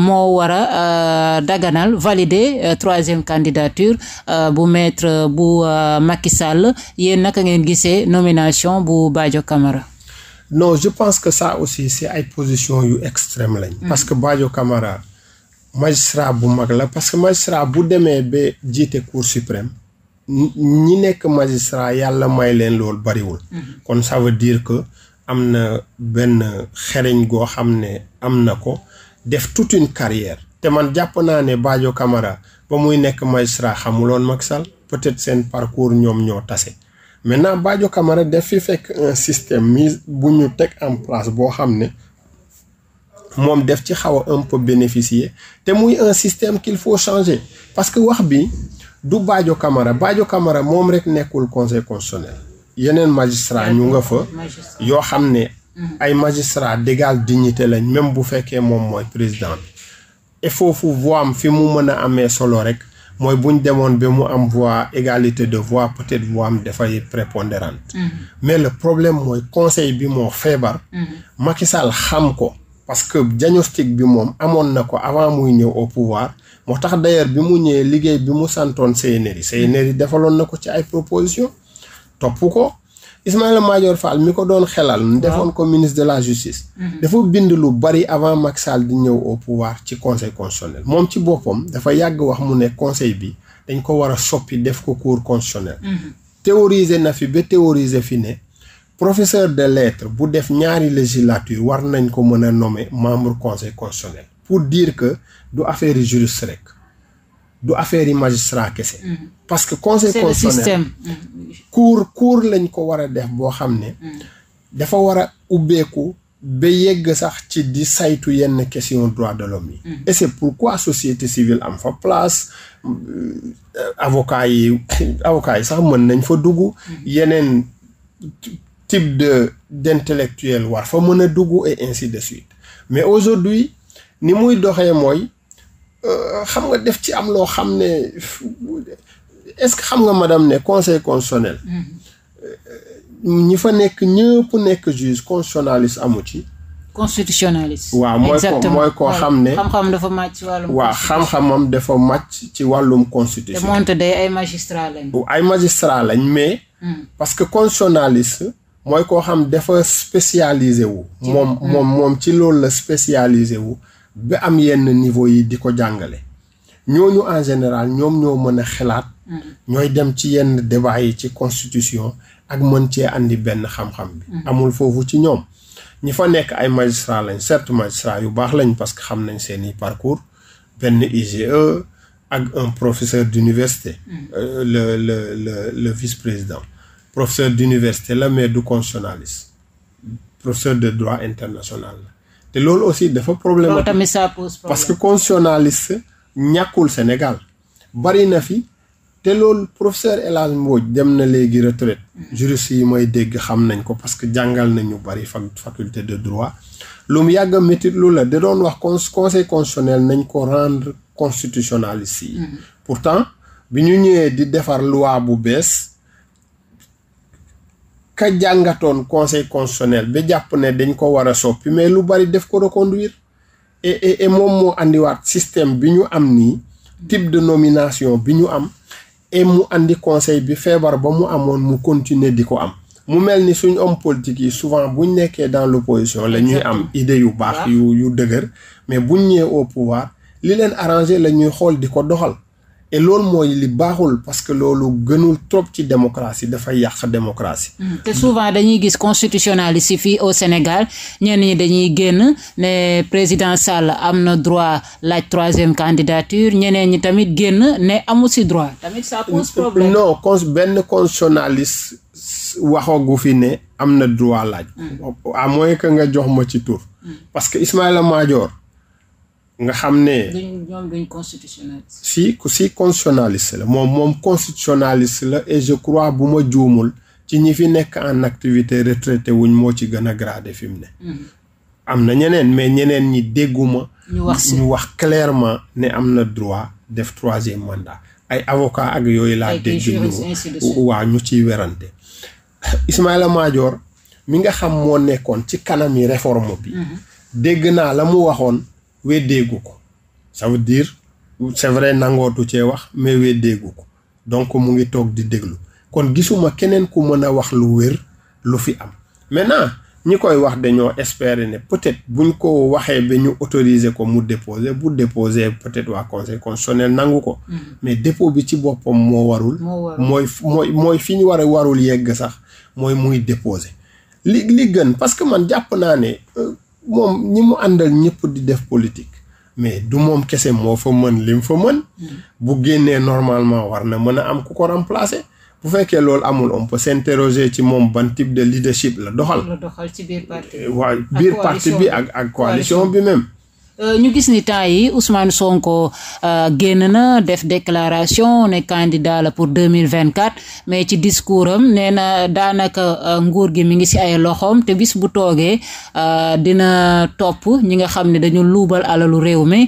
moo war a daganal valide troisième candidature bu maitre bu Macky Sall yéen naka ngeen gisee nomination bu Badio Badio Camara non je pense que ça aussi si ay position yu extrême lañ mm. parce que Badio kamara magistrat bu mag la parce que magistrat bu demee ba jiite cour suprême ñi nekk magistrat yàlla may leen loolu bariwul mm. kon ça veut dire que am na benn xeriñ goo xam ne am na ko def tout une carrière te man jàpp naa ne Badio Camara ba muy nekk magistrat xamuloon mag Sall peut-être seen parcours ñoom ñoo tase maintenant Badio Camara def fi fekk un système mis bu ñu teg en place boo xam ne moom def ci xaw a un peu bénéficier te muy un système qu'il faut changer parce que wax bi du baajo Camara Badio Camara moom rek nekkul conseil constitutionnel yeneen magistrat ñu nga fa yoo xam ne ay magistrat d'égale dignité lañ même bu fekkee moom mooy président bi et foofu voix am fi mu mën a amee solo rek mooy bu ñu demoon bi mu am voix égalité de voix peut-être voix am dafay prépondérante. Mm-hmm. mais le problème mooy conseil bi moo feebar. Mm-hmm. Macky Sall xam ko. parce que diagnostic bi moom amoon na ko avant muy ñëw au pouvoir moo tax d'ailleurs bi mu ñëwee liggéey bi mu santoon CNRI CNRI defaloon na ko ci ay proposition topp ko. Ismaïla Madior Fall mi ko doon xelal. defoon ko ministre de la justice. Mhm. dafa bind lu bari avant Macky Sall di ñëw au pouvoir ci conseil constitutionnel moom ci boppam dafa yàgg wax mu ne conseil bi dañ ko war a soppi def ko cour constitutionnel. Mhm. théoriser na fi ba théoriser fi ne. professeur de lettres bu def ñaari législature war nañ ko mën a nommer membre conseil constitutionnel pour diir que du affaire yi juriste rek du affaire yi magistrat kese. Mhm. parce que conseil constitutionnel kuur kuur lañ ko war a def boo xam ne hmm. dafa war a ubbeeku ba yegg sax ci di saytu yenn question droit de l'homme yi hmm. et c'est pourquoi société civile am fa place euh, avocat yi [laughs] yi sax mën nañ fa dugg hmm. yeneen type de d'intellectuel war fa mën a dugg et ainsi de suite mais aujourd'hui ni muy doxee mooy euh, xam nga def ci am loo xam ne est-ce que xam nga madame ne conseil constitutionnel. Mm-hmm. ñi fa nekk ñëpp nekk juge constitutionnaliste amu ci. constitutionnaliste. waaw mooy koo xam ne. xam-xam dafa màcc ci wàllum. waaw xam dafa màcc ci wàllum constitution. te day ay magistrat lañ. mais. Mm. parce que constitutionnaliste. mooy koo xam dafa spécialisé wu. moom mm. moom moom ci loolu la spécialisé wu. ba am yenn niveau yi di ko jàngale. ñooñu en général ñoom ñoo mën a xelaat. ñooy dem ci yenn débat yi ci constitution ak mën cee andi benn xam-xam bi. Mm-hmm. amul foofu ci ñoom. ñi fa nekk ay magistrat lañ certes magistrat yu baax lañ parce que xam nañ seeni parcours benn IGE ak un professeur d'université mm-hmm. euh, le le le le vice-président professeur d'université la mais du constitutionnaliste professeur de droit international la te loolu aussi dafa problème parce que constitutionnaliste ñàkkul Sénégal bari na fi te loolu professeur El dem na léegi retraite mm. juriste yi mooy dégg xam nañ ko parce que jàngal nañu bari faculté de droit lum mu yàgg a la da doon wax con conseil constitutionnel nañ ko rendre constitutionnaliste yi mm-hmm. pourtant bi ñu ñëwee di defar loi bu bees ka jàngatoon conseil constitutionnel ba jàpp ne dañ ko war a soppi mais lu bari def ko reconduire moom moo andiwaat système bi ñu am nii mm-hmm. type de nomination bi ñu am et mu andi conseil bi feebar ba mu amoon mu continuer di ko am mu mel ni suñ homme politique yi souvent buñ nekkee dans l'opposition la ñuy am idée yu baax yu yu dëgër mais buñ ñëwee au pouvoir li leen arrangé la ñuy xool di ko doxal et loolu mooy li baaxul parce que loolu gënul trop ci démocratie dafay yàq démocratie. Mm. Mm. te souvent dañuy gis constitutionnaliste yi fii au Sénégal ñenn ñi dañuy génn ne président Sall am na droit laaj troisième candidature ñeneen ñi tamit génn ne amu si droit. tamit ça pose problème. non cons benn constitutionnaliste waxagu fi ne am na droit laaj. Mm. à moins que nga jox ma ci tur. parce que Ismaïla Madior. nga xam ne. ñoom duñ si si constitutionnaliste la moom moom constitutionnaliste la et je crois bu ma juumul ci ñi fi nekk en activité retraité wuñ moo ci gën a gradé fi ne. Mm-hmm. am na ñeneen mais ñeneen ñi dégguma. ñu wax ñu wax clairement ne am na droit def troisième mandat ay avocat ak yooyu laa. dégg waa ñu ciy werante [laughs] Ismaïla Madior mi nga xam moo nekkoon ci kanam yi réforme bi. Mm-hmm. dégg naa la mu waxoon. weddeegu ko ça veut dire c'est vrai nangootu cee wax mais weddeegu ko donc mu ngi toog di déglu kon gisuma keneen ku mën a wax lu wér lu fi am maintenant ñi koy wax dañoo espérer ne peut-être buñ ko waxee ba ñu autoriser ko mu déposer bu déposer peut-être waa conseil constitutionnel nangu ko. Mm-hmm. mais dépôt bi ci boppam moo warul. mooy mooy mooy fi ñu war a warul yegg sax mooy muy déposer. li li que man jàpp naa ne. Euh, moom ñi mu àndal ñëpp di def politique mais du moom kese moo fa mën li mu mën bu génnee normalement war na mën a am ku ko remplacer bu fekkee loolu amul on peut s'interroger ci moom ban type de leadership la doxal. la doxal ci biir parti bi. biir parti bi ak ak coalition bi même. Euh, ñu gis ni temps yi Ousmane Sonko euh, génn na def déclaration ne candidat la pour deux mille vingt quatre mais ci discours am nee na daanaka euh, nguur gi mi ngi si ay loxoom te bis bu toogee dina topp ñi nga xam ne dañu luubal alalu réew mi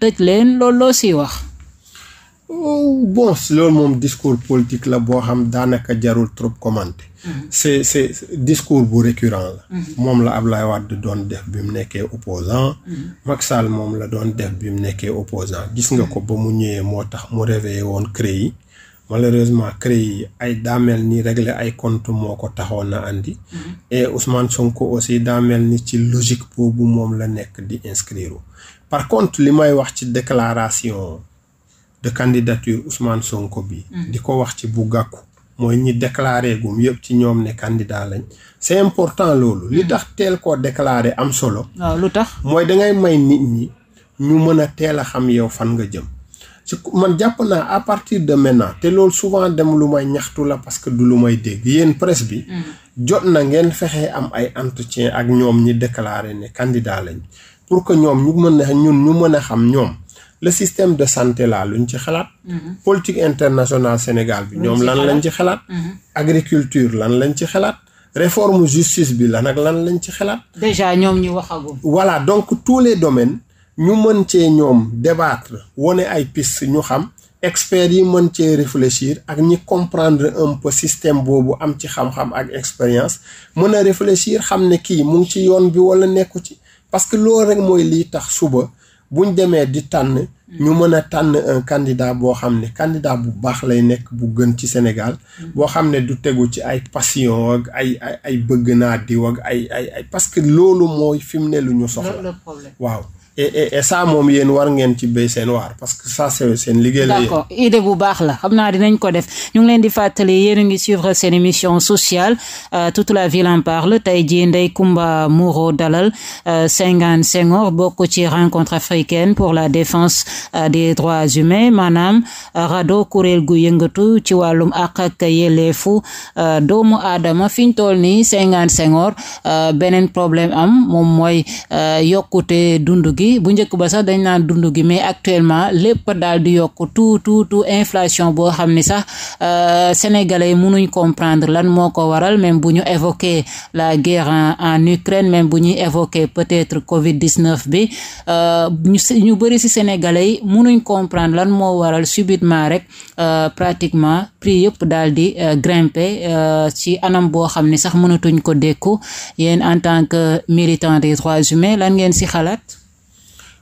tëj leen loolu loo siy wax. Oh, bon loolu moom discours politique la boo xam daanaka jarul trop commenté. Mhm. c'est c'est discours bu récurrent la. Mhm. moom la Ablaye Wade doon def bi mu nekkee opposant mhm. Macky Sall moom la doon def bi mu nekkee opposant gis nga ko ba mu ñëwee moo tax mu réveillé woon CREI yi malheureusement CREI yi ay daamel nii réglé ay compte moo ko taxoon na andi. et Ousmane Sonko aussi daamel ni ci logique boobu moom la nekk di inscrire par contre li may wax ci déclaration. de candidature Ousmane Sonko bi mm-hmm. di ko wax ci bu gàkku mooy ñi déclaré gum yëpp ci ñoom ne candidat lañ c'est important loolu li mm-hmm. tax teel koo déclaré am solo lu tax mooy dangay may nit ñi ñu mën a teel a xam yow fan nga jëm ci man jàpp naa à partir de maintenant te loolu souvent dem lu may ñaxtu la parce que du lu may dégg yéen presse bi mm-hmm. jot na ngeen fexe am ay entretien ak ñoom ñi déclaré ne candidat lañ pour que ñoom ñu mën a ñun ñu mën a xam ñoom le système de santé là luñ ci xalaat. Mhm. politique internationale Sénégal bi. ñoom lan lañ ci xalaat. Mhm. agriculture lan lañ ci xalaat. réforme justice bi lan ak lan lañ ci xalaat. déjà ñoom ñu waxagum. voilà donc tous les domaines ñu mën cee ñoom débattre wane ay piste ñu xam. experts yi mën cee réfléchir ak ñi comprendre un peu système boobu am ci xam-xam ak expérience mën a réfléchir xam ne kii mu ngi ci yoon bi walla nekku ci parce que loolu rekk mooy lii tax suba. buñ demee di tànn hmm. ñu mën a tànn un boo xam ne candidat bu baax lay nekk bu gën ci Sénégal hmm. boo xam ne du tegu ci ay passion ak ay ay ay bëgg naa diw ak ay ay ay parce que loolu mooy fi mu ne lu ñu soxla waaw et et moom yéen war ngeen ci béy seen waar parce que ça seen liggéey la. d'accord idée bu baax la xam naa dinañ ko def ñu ngi leen di fàttali yéen a ngi suivre seen émission sociale euh, tout la ville en parle tey jii Ndeye Comba Moreau dalal euh, Senghane Senghor bokk ci rencontre africaine pour la défense euh, des droits humains maanaam RADDHO kuréel gu yëngatu ci wàllum àq ak yelleefu doomu aadama fi ñu toll nii Senghane Senghor beneen problème am moom mooy yokkute dund gi bu njëkk ba sax dañ naan dund gi mais actuellement lépp daal di yokk tout tout tout inflation boo xam ni sax euh, sénégalais yi mënuñ comprendre lan moo ko waral même bu ñu évoquer la guerre en Ukraine même bu ñuy évoquer peut-être Covid 19 bi euh, ñu bëri ci sénégalais yi mënuñ comprendre lan moo waral subitement rek euh, pratiquement prix yëpp daal di grimper ci anam boo xam ni sax mënatuñ ko dékku yéen en tant que militant des droits humains lan ngeen ci xalaat.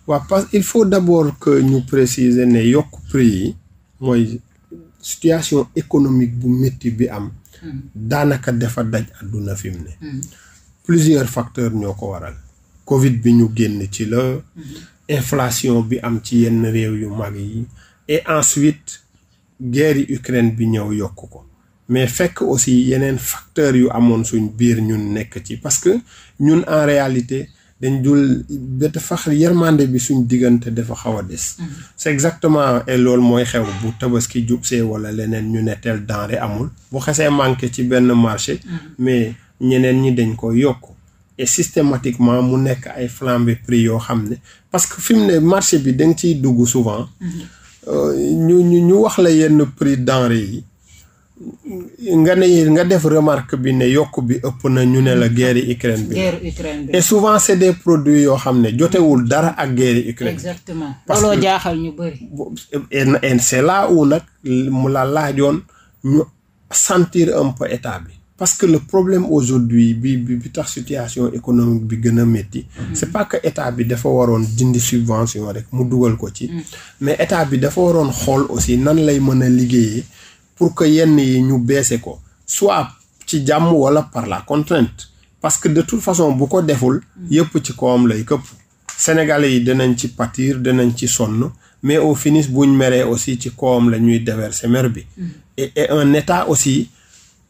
waaw parce il faut d'abord que ñu préciser ne yokk prix yi mooy situation économique bu métti bi am hmm. daanaka defar daj àdduna fi ne hmm. plusieurs facteurs ñoo ko waral covid bi ñu génn ci la hmm. inflation bi am ci yenn réew yu mag yi et ensuite guerre yi Ukraine bi ñëw yokk ko mais fekk aussi yeneen facteurs yu amoon suñ biir ñun nekk ci parce que ñun en réalité dañ dul dafa yërmande bi suñ diggante dafa xaw a des. Mhm. c'est exactement et loolu mooy xew bu tabaski jubsee wala leneen ñu ne tel denrée amul. bu xasee manqué ci benn marché. Mhm. mais ñeneen ñi dañ ko yokk. et systématiquement mu nekk ay flambée prix yoo xam ne parce que fi mu ne marché bi da nga ciy dugg souvent. Mhm. Euh, ñu ñu ñu wax la yenn prix denrée yi. nga ne nga def remarque bi ne yokk bi ëpp na ñu ne la guerre Ukraine bi. guerre Ukraine et souvent c' est des produits yoo xam ne jotewul dara ak guerre Ukraine. exactement looloo jaaxal ñu bëri. et c' est nag mu la laajoon ñu sentir un peu état bi. parce que le problème aujourd'hui bi bi bi tax situation économique bi gën a métti. Mm-hmm. c' est pas que état bi dafa waroon dindi subvention rek mu dugal ko ci. Mm. mais état bi dafa waroon xool aussi nan lay mën a liggéeyee. pour que yenn yi ñu beese ko soit ci jàmm wala par la parce que de toute façon bu ko deful yëpp ci kawam lay këpp sénégalais yi dinañ ci pâtir dinañ ci sonn mais au finish buñ meree aussi ci kawam la ñuy déverser mer bi mm. et un état aussi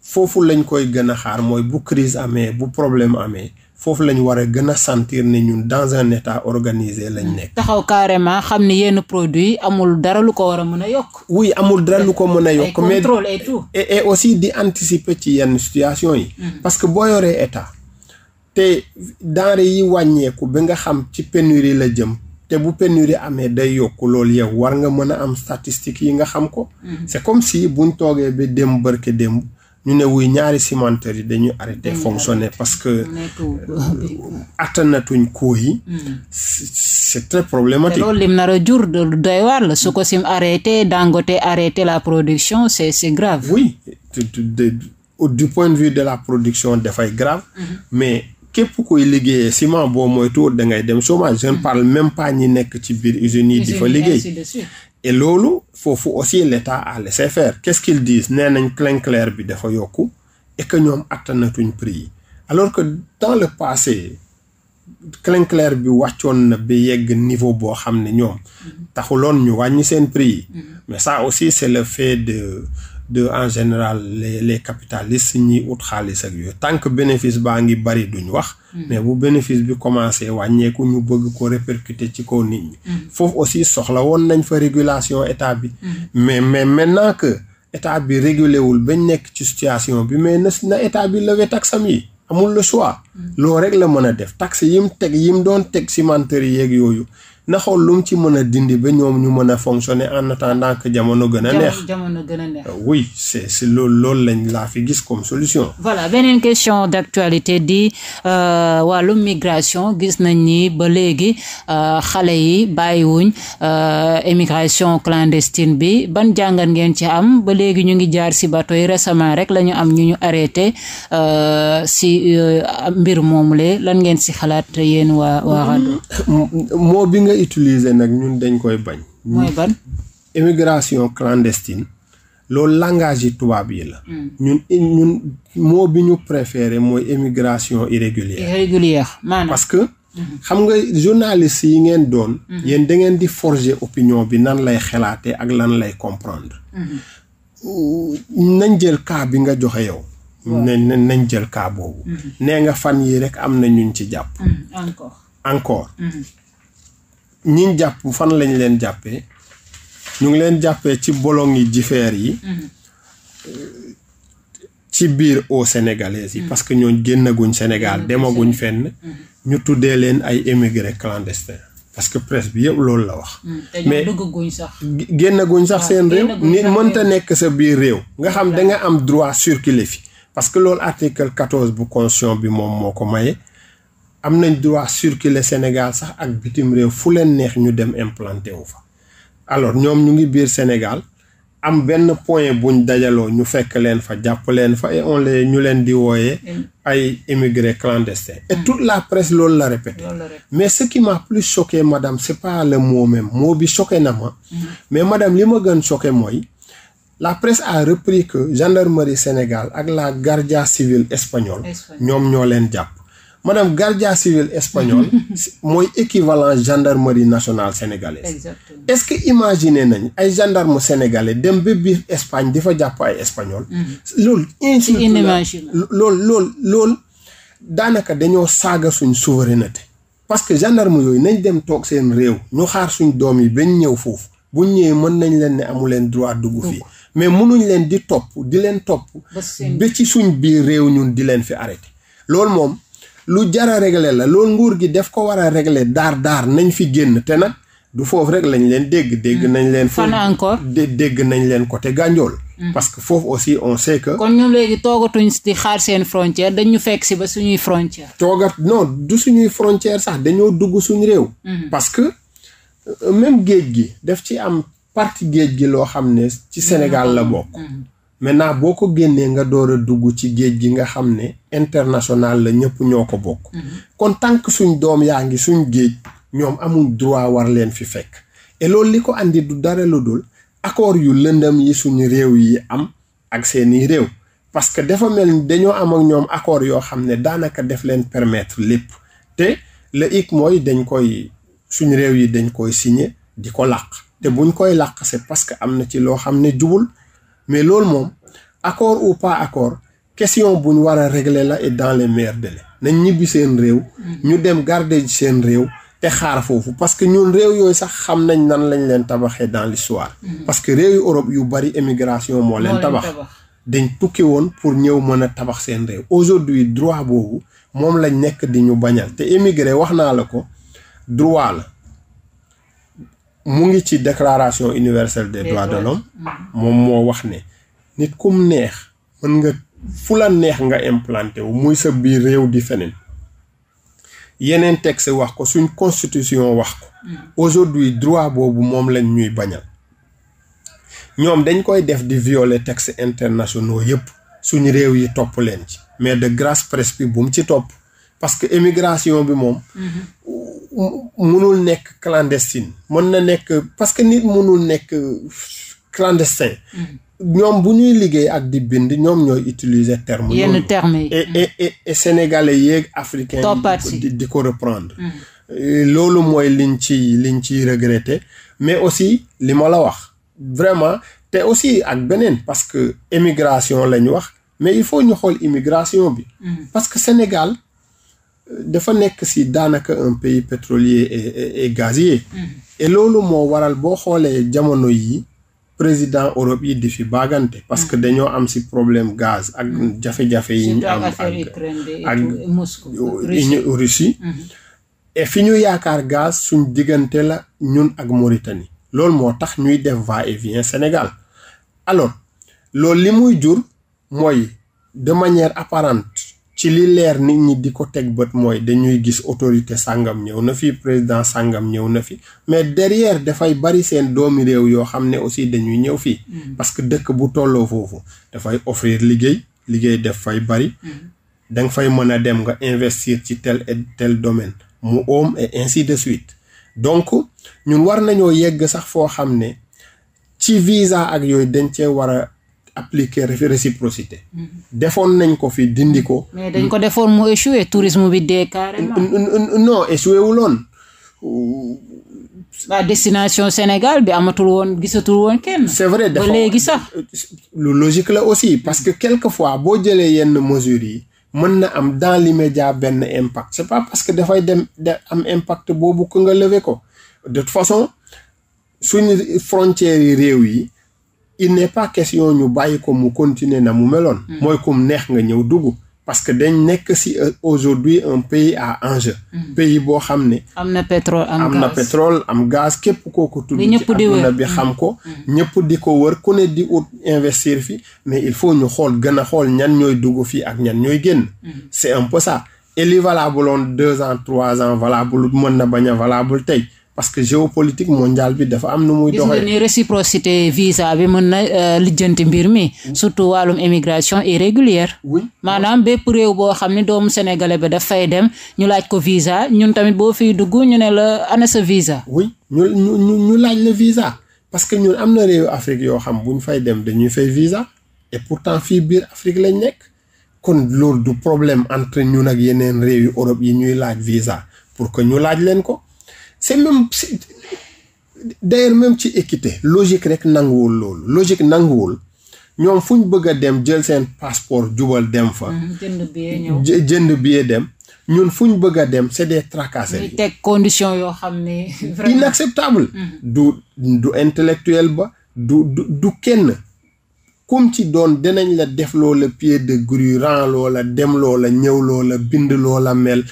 foofu lañ koy gën xaar mooy bu crise amee bu problème amee foofu la ñu war a gën a sentir ne ñun dans un état organisé lañ hmm. nekk. taxaw carrément xam ne yenn produit amul dara lu ko war a mën a yokk. wuy amul dara lu ko mën a yokk. mais contrôle et tout. aussi di anticiper ci yenn situation hmm. parce que boo yoree état. te denrée yi wàññeeku bi nga xam ci pénurie la jëm. te bu pénurie amee day yokk loolu yow war nga mën a am statistiques yi nga xam ko. Hmm. c'est comme si buñ toogee ba démb barke démb. ñu ne wuy ñaari cimenterie yi dañu arrêté fonctionner parce que euh, attanatuñ koo yi mm. c'est très problématique loolu lim nar a jur doy waar la su ko sim arrêté Dangote arrêté la production c'est c'est grave oui du point de vue de la production dafay grave mm-hmm. mais képp kuy liggéey ciment boo moytuwul da ngay dem soo je ne mm-hmm. parle même pas ñi nekk ci biir usines yi di fa liggéey et loolu foofu aussi l'État a laissé faire qu'est-ce qu'ils nee nañ clinclair bi dafa yokku et que ñoom attanatuñ prix yi alors que dans le passé clinclair bi wàccoon na ba yegg niveau boo xam ne ñoom taxuloon ñu wàññi seen prix yi mm-hmm. mais ça aussi c'est le fait de de en général les les capitalistes ñiy ut xaalis yooyu tant que bénéfice baa ngi bari duñ wax. Mm. mais bu bénéfice bi commencé wàññeeku ñu bëgg ko répercuter ci kaw nit ñi. Mm. foofu aussi soxla woon nañ fa régulation état bi. Mm. mais mais maintenant que état bi régulé wul bañ nekk ci situation bi mais na na état bi levé taxam yi amul le choix. loolu rek la mën a def taxe yim teg yim doon teg cimenterie yeeg yooyu. na xool lu mu ci mën a dindi ba ñoom ñu mën a fonctionner en attendant que jamono gën a neex jamono gën a neex oui loolu loolu lañ laa fi gis comme solution voilà beneen question d'actualité di euh, wàllum migration gis nañ ni ba léegi euh, xale yi bàyyiwuñ euh, émigration clandestine bi ban jàngat ngeen ci am ba léegi ñu ngi jaar si bateau yi récemment rek la ñu am ñu ñu arrêté si mbir moomule lan ngeen si xalaat yéen waa waa mm-hmm. utiliser nag ñun dañ koy bañ. mooy ban. immigration clandestine. loolu langage yi tubaab yi la. Hmm. ñun ñun moo bi ñu préféré mooy immigration irrégulière. irrégulière maanaam parce que. Hmm. xam nga journaliste yi ngeen doon. Hmm. yéen dangeen di forger opinion bi nan lay xalaatee ak lan lay comprendre. nañ jël cas bi nga joxe yow. nañ jël cas boobu. nee nga fan yii rek am na ñun ci jàpp. encore. ñiñ jàpp fan lañ leen jàppee ñu ngi leen jàppee ci bolong yi jifeer yi mm-hmm. ci biir au sénégalais yi mm-hmm. parce que ñooñ génnaguñ Sénégal mm-hmm. demaguñ fenn ñu tuddee leen ay émigré clandestin parce que presse bi yëpp loolu la wax mais génnaguñ sax seen réew nit mënta nekk sa biir réew nga xam da nga am droit circuler fi parce que loolu article 14 bu constitution bi moom moo ko maye am nañ droit circuler Sénégal sax ak bitim réew fu leen neex ñu dem implanté wu fa alors ñoom ñu ngi biir Sénégal am benn point buñ dajaloo ñu fekk leen fa jàpp leen fa et on les ñu leen di wooyee mm. ay immigrés clandestins et mm. toute la presse loolu la répété mais ce qui m'a plus choqué madame c'est pas le mot même mot bi choqué na ma mm. mais madame li ma gën choqué mooy la presse a repris que gendarmerie Sénégal ak la Guardia civile espagnole ñoom ñoo leen jàpp maanaam guardia civil espagnol [laughs] mooy équivalent gendarmerie nationale sénégalaise. exactement est-ce que imaginer nañ ay gendarme sénégalais dem ba biir Espagne di fa jàpp ay espagnol. Mm-hmm. loolu insulte loolu loolu loolu daanaka dañoo saaga suñ souveraineté. parce que gendarme yooyu nañ dem toog seen réew ñu xaar suñ doom yi bañ ñëw foofu buñ ñëwee mën nañ leen ne amu leen droit dugg fii. mais mënuñ leen di topp di leen topp. ba ci suñ biir réew ñun di leen fi arrêté loolu moom. lu jar a la loolu nguur gi def ko war a régler daar daar nañ fi génn te nag du foofu rek lañ leen dégg. dégg nañ leen. fan encore dégg nañ leen côté Gànjool. Mm. parce que foofu aussi on sait que. kon ñoom léegi toogatuñ di xaar seen frontière dañu fekk si ba suñuy frontière. toogat non du suñuy frontière sax dañoo dugg suñu réew. Mm. parce que euh, même géej gi def ci am partie géej gi loo xam ne ci Sénégal la bokk. Mm. maintenant boo ko génnee nga door a dugg ci géej gi nga xam ne international la ñëpp ñoo ko bokk mhm. kon tànk suñ doom yaa ngi suñ géej ñoom amul droit war leen fi fekk et li ko andi du dara lu dul accord yu lëndëm yi suñu réew yi am ak seeni réew parce que dafa dañoo am ak ñoom accord yoo xam ne daanaka def leen permettre lépp te la ik mooy dañ koy suñu réew yi dañ koy signer di ko làq te buñ koy làq c'est parce que am na ci loo xam ne jubul mais loolu moom accord ou pas accord question bu ñu war a régler la et dans les meilleurs délais nañ ñibbi seen réew. ñu dem garder seen réew. te xaar foofu parce que ñun réew yooyu sax xam nañ nan lañ leen tabaxee dans l'histoire mhm. parce que réew yu Europe yu bari émigration moo leen tabax dañ tukki woon pour ñëw mën a tabax seen réew aujourd'hui droit boobu moom lañ nekk di ñu bañal te émigré wax naa la ko droit la mu ngi ci déclaration universelle des droits de l'homme mm. moom moo wax ni nit kum neex mën nga fu la neex nga implanté wu muy sa biir réew di feneen yeneen texte wax ko suñ constitution wax ko mm. aujourd'hui droit boobu moom lañ ñuy bañal ñoom dañ koy def di violer texte internationaux yépp suñu réew yi topp leen ci mais de grâce presque bi bu ci topp parce que émigration bi moom mm-hmm. mënul nekk clandestine mën na nekk parce que nit mënul nekk clandestin mm-hmm. ñoom bu ñuy liggéey ak di bind ñoom ñooy utiliser terme yenn terme et sénégalais yeeg africain yi di ko reprendre mm-hmm. loolu mooy liñ ci liñ ci regretter mais aussi li ma la wax vraiment te aussi ak beneen parce que émigration lañ wax mais il faut ñu xool immigration bi mm-hmm. parce que Sénégal dafa nekk si daanaka un pays pétrolier et et, et gazier. Mm-hmm. loolu moo waral boo xoolee jamono yi président Europe yi di fi baagante. parce que mm-hmm. dañoo am si problème gaz ak mm-hmm. jafe-jafe yi ñu am. yaakaar gaz suñ diggante la ñun ak Mauritanie. loolu moo tax ñuy def va-et-vient Sénégal alors loolu li muy jur mooy de manière apparente. ci li leer nit ñi di ko teg bët mooy dañuy gis autorité sàngam ñëw na fii président sàngam ñëw na fi mais derrière dafay bari seen doomi réew yoo xam ne aussi dañuy ñëw fii mm-hmm. parce que dëkk bu tolloo foofu dafay offrir liggéey liggéey def fay bari mm-hmm. da fay mën a dem nga investir ci tel et tel domaine mu oom et ainsi de suite donc ñun war nañoo yegg sax foo xam ne ci visa ak yooyu dañ cee war a appliquer réciprocité. defoon nañ ko fi dindi ko. mais dañ ko defoon mu échoué tourisme bi dee carrément. non échoué wu loon. destination Sénégal bi amatul woon gisatul woon kenn. c'est vrai dafa ba léegi sax. lu la aussi parce que fois boo jëlee yenn mesures yi. mën na am dans l'immédiat benn impact c'est pas parce que dafay dem am impact boobu ko nga lever ko de toute façon suñu frontières yi réew yi il n'est pas question ñu bàyyi ko mu continuer na mu meloon mm. mooy kum neex nga ñëw dugg parce que dañ nekk si euh, aujourd'hui un pays à enjeu mm. pays boo xam ne am na pétrole am na pétrole am gaz képp koo ko tudd ci àdduna bi xam mm. ko ñëpp di ko wër ku ne di ut investir fi mais il faut ñu xool gën a xool ñan ñooy dugg fii ak ñan ñooy génn c'est un peu ça et li valable woon deux ans trois ans valable mën na bañ a valable tey parce que géopolitique mondiale bi dafa am nu muy doxee. gis nga visa bi mën na euh, lijjanti mbir mi. Mm. surtout wàllum immigration irrégulière. oui maanaam bépp réew boo xam ne doomu sénégalais ba daf fay dem ñu laaj ko visa ñun tamit boo fiy dugg ñu ne la ana sa visa. oui ñu ñu ñu laaj la visa. parce que ñun am na réew Afrique yoo xam bu fay dem dañuy fay visa et pourtant fii biir Afrique lañ nekk kon loolu du problème entre ñun ak yeneen réew yu Europe yi ñuy laaj visa pour que ñu laaj leen ko. c'est même c'est d'ailleurs même ci équité logique rek nanguwul loolu logique nanguwul ñoom fu ñu bëgg a dem jël seen passeport jubal dem fa. Mhm, jënd billet ñëw dem. ñun fu ñu bëgg a dem c'est des tracasseries. ñu teg yoo xam ne. [laughs] vraiment inacceptable. Mhm. du du intellectuel ba du du kenn. comme ci doon dinañ la def loola pied de grue ran loola dem loola ñëw loola bind loola mel.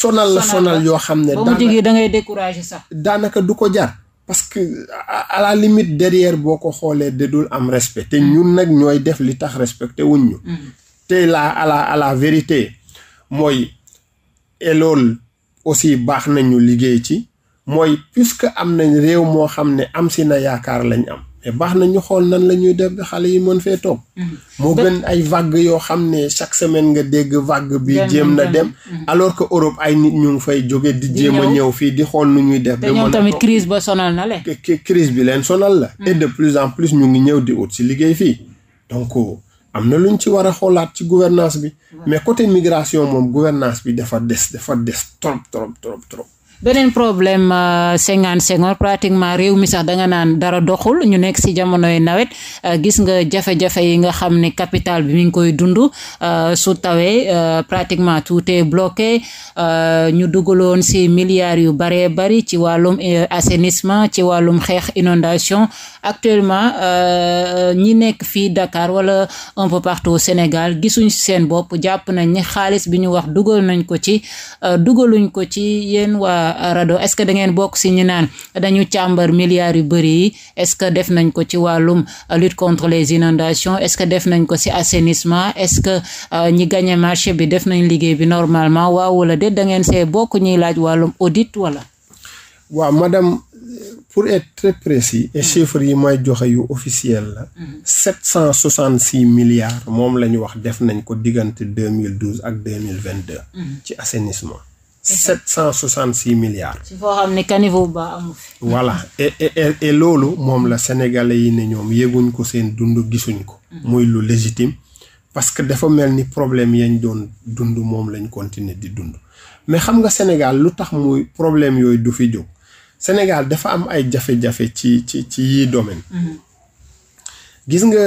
sonal la sonal yoo xam ne. ba mu da ngay découragé sax. daanaka du ko jar. parce que à la limite boo ko xoolee dadul am respect ñun nag ñooy def li tax respecté wuñ ñu. Mm-hmm. te la à la vérité mooy et aussi baax nañu liggéey ci mooy puisque am nañ réew moo xam ne am si na yaakaar lañ am. te baax na ñu xool nan la ñuy def bi xale yi mën fee toog mm-hmm. moo gën ay vague yoo xam ne chaque semaine nga dégg vague bi jéem na dem mm-hmm. alors que Europe ay nit ñu ngi fay jóge di jéem a ñëw fii di xool nu ñuy def te ñoom tamit crise ba sonal na leen crise bi leen sonal la mm-hmm. et de plus en plus ñu ngi ñëw di ut si liggéey fii donc am na lu ñu ci war a xoolaat ci gouvernance bi mais côté migration moom gouvernance bi dafa des dafa des trop trop trop trop beneen problème euh, Senghane Senghor pratiquement réew mi sax danga naan dara doxul ñu nekk si jamonoy nawet euh, gis nga jafe-jafe yi nga xam ne capital bi mi ngi koy dund euh, su tawee pratiquement tout est bloqué ñu dugaloon si milliards yu baree bari ci wàllum assainissement ci wàllum xeex inondation actuellement ñi nekk fii Dakar wala un peu Sénégal gisuñ seen bopp jàpp nañ ne xaalis bi ñu wax dugal nañ ko ci dugaluñ ko ci yéen waa Euh, Rado est-ce que da ngeen bokk si ñu naan dañu càmbar milliards yu bëri yi est-ce que def nañ ko ci wàllum lutte contre les inondations est-ce que def nañ ko si assainissement est-ce que euh, ñi gagné marché bi def nañ liggéey bi normalement waaw wala déet da ngeen see bokk ñuy laaj wàllum audit wala. waaw madame pour être mm-hmm. yi may joxe yu officiel la mm-hmm. sept cent soixante six milliards moom la ñu wax def nañ ko diggante deux mille douze ak deux mille vingt deux mm-hmm. ci assainissement sept cent soixante six milliards. si foo xam ne caniveau ba amu fi. voilà et et loolu moom la sénégalais yi ne ñoom yëguñ ko seen dund gisuñ ko. Mm-hmm. muy lu légitime. parce que dafa mel ni problème yañ doon dund moom lañ continuer di dund mais xam nga Sénégal lu tax muy problème yooyu du fi jóg Sénégal dafa am ay jafe-jafe ci ci ci yii domaine. Mm-hmm. gis nga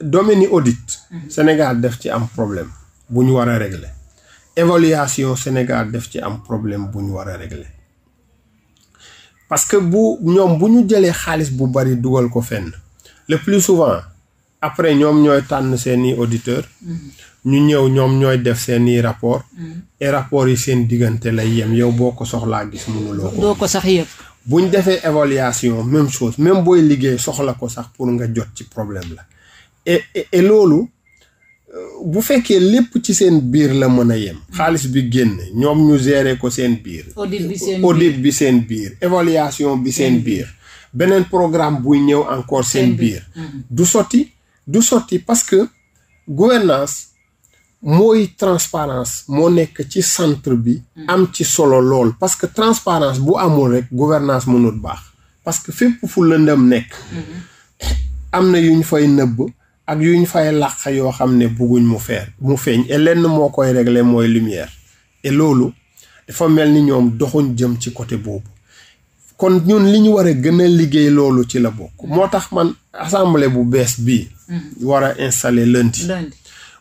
domaine yi audit. Mm-hmm. Sénégal daf ci am problème bu ñu war a régler. évaluation Sénégal def ci am problème bu ñu war a parce que bu ñoom bu ñu jëlee xaalis bu bari dugal ko fenn le plus souvent après ñoom ñooy tànn seeni auditeur mm-hmm. ñu ñëw ñoom ñooy def seeni rapport mm-hmm. et rapport yi seen diggante lay yem yow boo ko soxlaa gis mënuloo ko ko sax yëpp bu ñu defee évaluation même sos même booy liggéey soxla ko sax pour nga jot ci problème la et et loolu bu fekkee lépp ci seen biir la mën a yem xaalis bi génn ñoom ñu gérer ko seen biir audit bi seen biir évaluation bi seen biir beneen programme buy ñëw encore seen biir mm-hmm. du sotti du sotti parce que gouvernance mooy transparence moo nekk ci centre bi mm-hmm. am ci solo lool parce que transparence bu amul rek gouvernance mënul baax parce que fépp fu lëndëm nekk mm-hmm. am na yu ñu fay nëbb ak yu ñu fay làq yoo xam ne bugguñ mu feer mu feeñ et lenn moo koy régler mooy lumière et loolu dafa mel ni ñoom doxuñ jëm ci côté boobu kon ñun li ñu war a gën a liggéey loolu ci la bokk moo tax man assemblée bu bees bii mm-hmm. war a installer lundi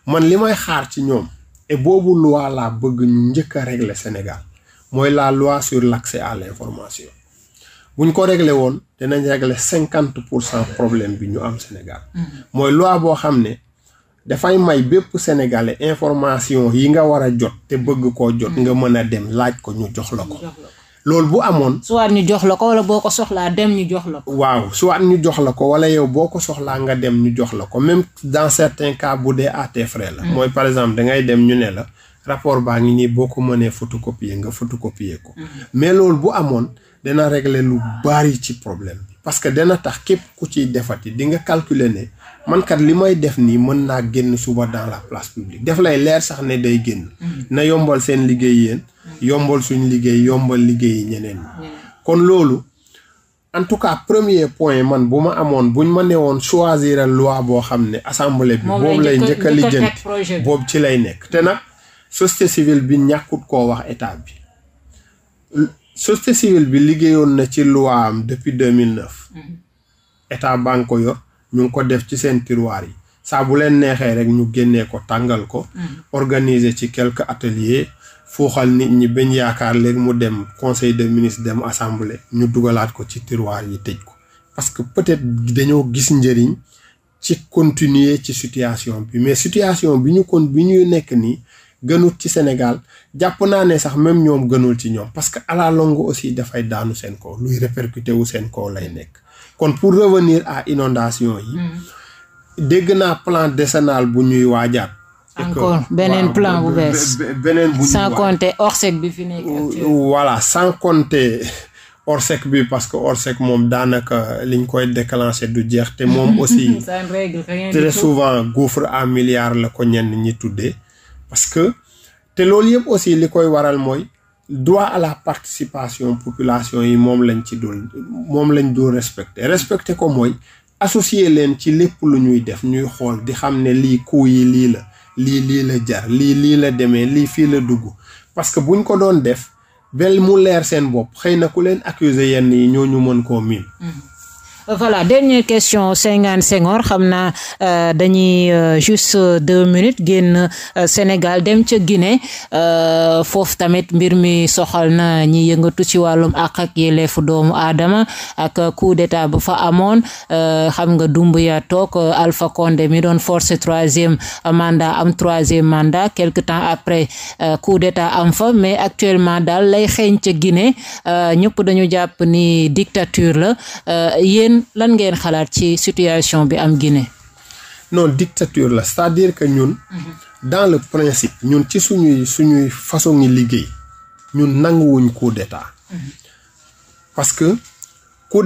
man li may xaar ci ñoom et boobu loi laa bëgg ñu njëkk a régler Sénégal mooy la loi sur l'accès à l'information buñ ko réglé woon dinañ réglé cinquante pour cent problème bi ñu am Sénégal. Mhm. mooy loi boo xam ne dafay may bépp sénégalais information yi nga war a jot te bëgg ko jot. Mhm. nga mën a dem laaj ko ñu jox la ko. loolu bu amoon. soit ñu jox la ko wala boo ko soxlaa dem ñu jox la ko. waaw soit ñu jox la ko wala yow boo ko soxlaa nga dem ñu jox la ko même dans certains cas bu dee à tes frais la. Mhm. mooy par exemple dangay dem ñu ne la. rapport baa ngi nii boo ko mënee photocopier nga photocopier ko. Mhm. mais loolu bu amoon dana régle lu bari ci problème bi. parce que dana tax képp ku ciy defati di nga calculer ne man kat li may def nii mën naa génn suba dans la place publique def lay leer sax ne day génn. Mhm. na yombal seen liggéey yéen. Mhm. yombal suñu liggéey yombal liggéeyi ñeneen ñi. kon loolu en tout cas premier point man bu ma amoon buñ ma ne woon choisir loi boo xam ne assemblée bi. boobu lay njëkk a lijjanti boobu ci lay nekk te société civile bi ñàkkut koo wax état bi société civile bi liggéeyoon na ci luwaam depuis 2009 mm-hmm. état baa ngi ko yor ñu ngi ko def ci seen tiroir yi saa bu leen neexee rek ñu génnee ko tàngal ko mm-hmm. organiser ci quelques ateliers fooxal nit ñi bañ yaakaar léegi mu dem conseil de ministre dem assemblée ñu dugalaat ko ci tiroir yi tëj ko parce que peut-être dañoo gis njëriñ ci continuer ci situation bi mais situation bi ñu kon bi ñuy nekk nii gënut ci Sénégal jàpp naa ne sax même ñoom gënul ci ñoom parce que à la longue aussi dafay daanu seen kaw luy répercuté wu seen kow lay nekk kon pour revenir à inondation yi hmm. dégg naa plan décennal bu ñuy waajaat encore beneen plan bu bees beneen bu sans compter orsec bi fi nekk voilà sans compter [laughs] orsec bi parce que orsec moom daanaka liñ koy déclenché du jeex te moom [laughs] aussi très souvent gouffre à milliards la ko ñenn ñi tuddee parce que te loolu yëpp aussi li koy waral mooy droit à la participation population yi moom lañ ci dul moom lañ dul respecté respecté ko mooy associé leen ci lépp lu ñuy def ñuy xool di xam ne lii coût yi lii la lii lii la jar lii lii la demee lii fii la dugg parce que buñ ko doon def bel mu leer seen bopp xëy na ku leen accuser yenn yi ñu mën koo miin mm-hmm. voilà dernière question Senghane Senghor xam naa euh, dañuy euh, juste deux minutes génn euh, Sénégal dem ca Guinée euh, foofu tamit mbir mi soxal na ñi yëngatu ci wàllum àq ak yelleefu doomu aadama ak coup d'état ba fa amoon euh, xam nga Doumbouya toog Alpha Condé mi doon forcé troisième mandat am troisième mandat quelque temps après coup d'état am fa mais actuellement daal lay xeeñ ca Guinée ñëpp dañu jàpp ni dictature la yéen lan lan ngeen xalaat ci situation bi am Guinée. non dictature la cest à que ñun. Mhm. dans le principe ñun ci suñuy suñuy façon yi liggéey ñun nanguwuñ coup d'état mhm. parce que coup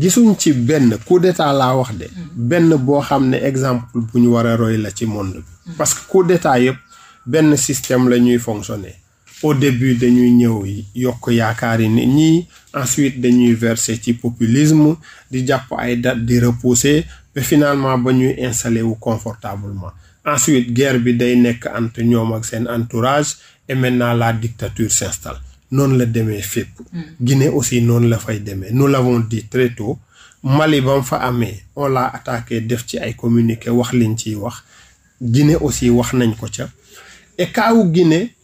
gisuñ ci benn coup d'état laa wax de mhm. benn boo xam ne exemple bu ñu war a roy la ci monde bi parce que coup d'état yëpp benn système la ñuy fonctionner au début dañuy ñëw yokk yaakaari nit ñi ensuite dañuy verser ci populisme di jàpp ay date di repousser ba finalement ba ñuy installé wu confortablement ensuite guerre bi day nekk entre ñoom ak seen entourage et maintenant la dictature s'installe noonu la demee fépp mm. Guinée aussi noonu la fay demee nous la dit di tôt Mali ba fa amee on l'a attaqué def ci ay communiqué wax liñ ci wax gine aussi wax nañ ko ca et kaawu Guinée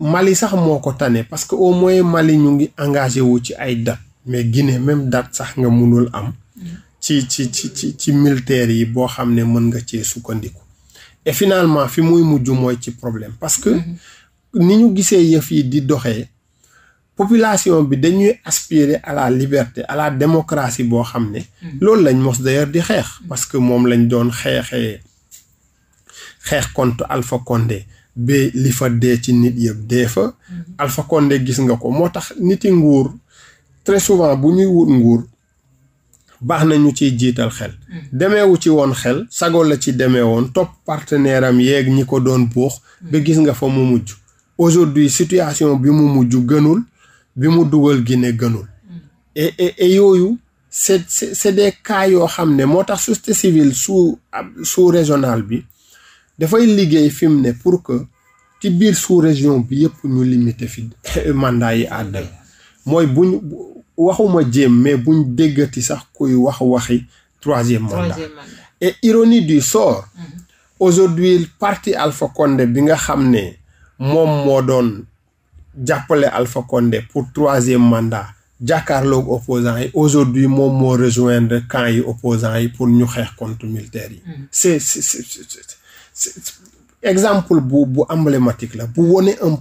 Mali sax moo ko tane parce que au moins Mali ñu ngi engagé wu ci ay date mais Guinée même date sax nga munul am ci ci ci ci ci yi boo xam ne mën nga cee sukkandiku et finalement fi muy mujj mooy ci problème parce que ni ñu gisee yëf yi di doxee population bi dañuy aspirer à la liberté à la démocratie boo xam ne loolu lañ mos d'ailleurs di xeex parce que moom lañ doon xeexee xeex contre Alpha Condé ba li ci nit yëpp dee fa. Mhm. Alpha Condé gis nga ko moo tax niti nguur très souvent bu ñuy wut nguur baax na ñu ciy jiital xel. Mhm. demeewu ci woon xel sago la ci demee woon topp partenaire am yeeg ñi ko doon buux. ba mhm. gis nga fa mu mujj. aujourd'hui situation bi mu mujj gënul bi mu dugal gine gënul. et et yooyu. c'est c'est des cas yoo xam ne moo tax société civile sous sous régional bi dafay liggéey fi mu ne pour que ci biir sous région bi yëpp ñu limité fi mandat yi à deux mooy buñ waxuma jéem mais buñ déggati sax kuy wax waxi troisième mandat et ironie du sort mm -hmm. parti Alpha Condé bi nga xam ne moom moo doon jàppale Alpha Condé pour troisième mandat jàkkaarloog opposants yi aujourd'hui moom moo rejoindre camp yi opposants yi pour ñu xeex contre militaires yi mhm. exemple bu bu emblématique la bu wone un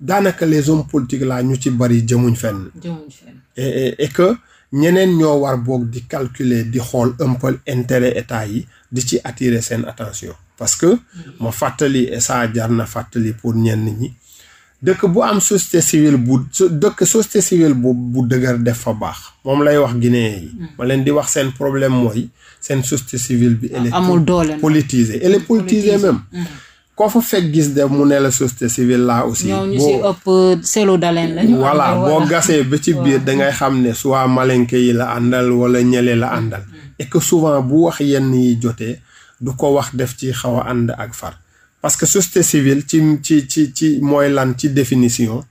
daanaka les hommes politiques la ñu ci bari jëmuñ fenn. jëmuñ et que ñeneen ñoo war boog di calculer di xool un intéret intérêt état yi di ci attirer seen attention parce que. Mm-hmm. ma fàttali et ça jar na fàttali pour ñenn ñi. dëkk bu am société civile bu dëkk société civile bu bu dëgër def fa baax moom lay wax Guinée yi. Mm-hmm. ma leen di wax seen problème mooy. seen société civile bi. elle est politisée elle est politisée même. Mhm. koo fa fekk gis de mu ne la société civile laa aussi. ñoom ñu si ëpp boo gasee ba ci biir dangay xam ne soit malenke yi la àndal wala ñële la àndal. Mhm. et souvent bu wax yenn yi jotee du ko wax def ci xaw a ànd ak far. parce que société ci ci ci ci mooy lan ci définition.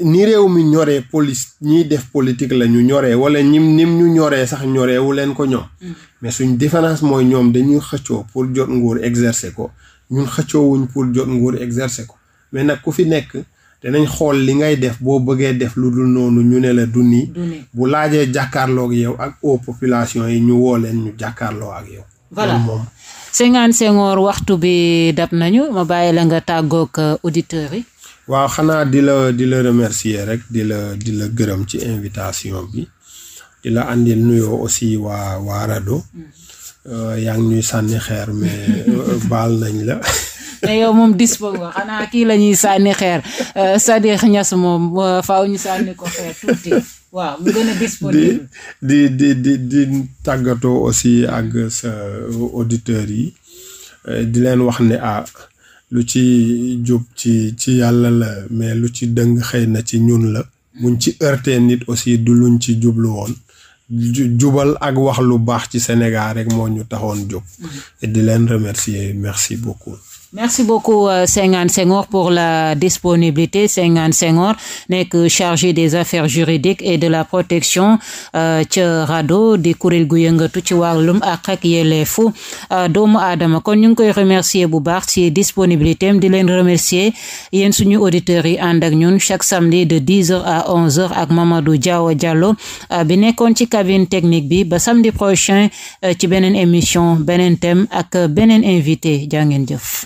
ni réew mi ñoree police ñiy def politique la ñu ñoree wala ñim nim ñu ñoree sax ñoreewu leen ko ñoom. Mm. mais suñ différence mooy ñoom dañuy xëccoo pour jot nguur exercer ko ñun xëccoo pour jot nguur exercer ko mais nag ku fi nekk danañ xool li ngay def boo bëggee def lu dul noonu ñu ne la du nii. bu laajee jàkkaarloog yow ak au population yi ñu woo leen ñu jàkkaarloo ak yow. voilà moom. Senghane Senghor waxtu bi dab nañu ma bàyyi la nga tàggoog euh, auditeurs yi. waaw xanaa di la di la remercier rek di la di la gërëm ci invitation bi di la andi nuyoo aussi waa waa RADDHO euh, yaa ngi ñuy sànni xeer mais euh, euh, baal nañ la te [laughs] yow moom dispo nga xanaa kii lañuy sànni xeer Sadikh Niass moom faaw ñu sànni ko xeer tuuti waaw mu gën a disponible di di di di tàggatoo aussi ak sa auditeurs yi di leen wax ni ah lu ci jub ci ci yàlla la mais lu ci dëng xëy na ci ñun la muñ ci heurté nit aussi du luñ ci jublu woon jubal ak wax lu baax ci Sénégal rek moo ñu taxoon jóg mm-hmm. di leen remercier merci beaucoup merci beaucoup euh, Senghane Senghor pour la disponibilité Senghane Senghor nekk chargé des affaires juridiques et de la protection euh, ca RADDHO di kuréel gu yëngatu ci wàllum àq ak yelleefu euh, doomu aadama kon ñu ngi koy remercier bu baax ci disponibilité am di leen remercier yéen suñu auditeurs yi ànd ak ñun chaque samedi de 10 heures à 11 heures ak Mamadou Diaw jallo bi nekkoon ci cabine technique bi ba samedi prochain ci beneen émission beneen thème ak beneen invité jaa jëf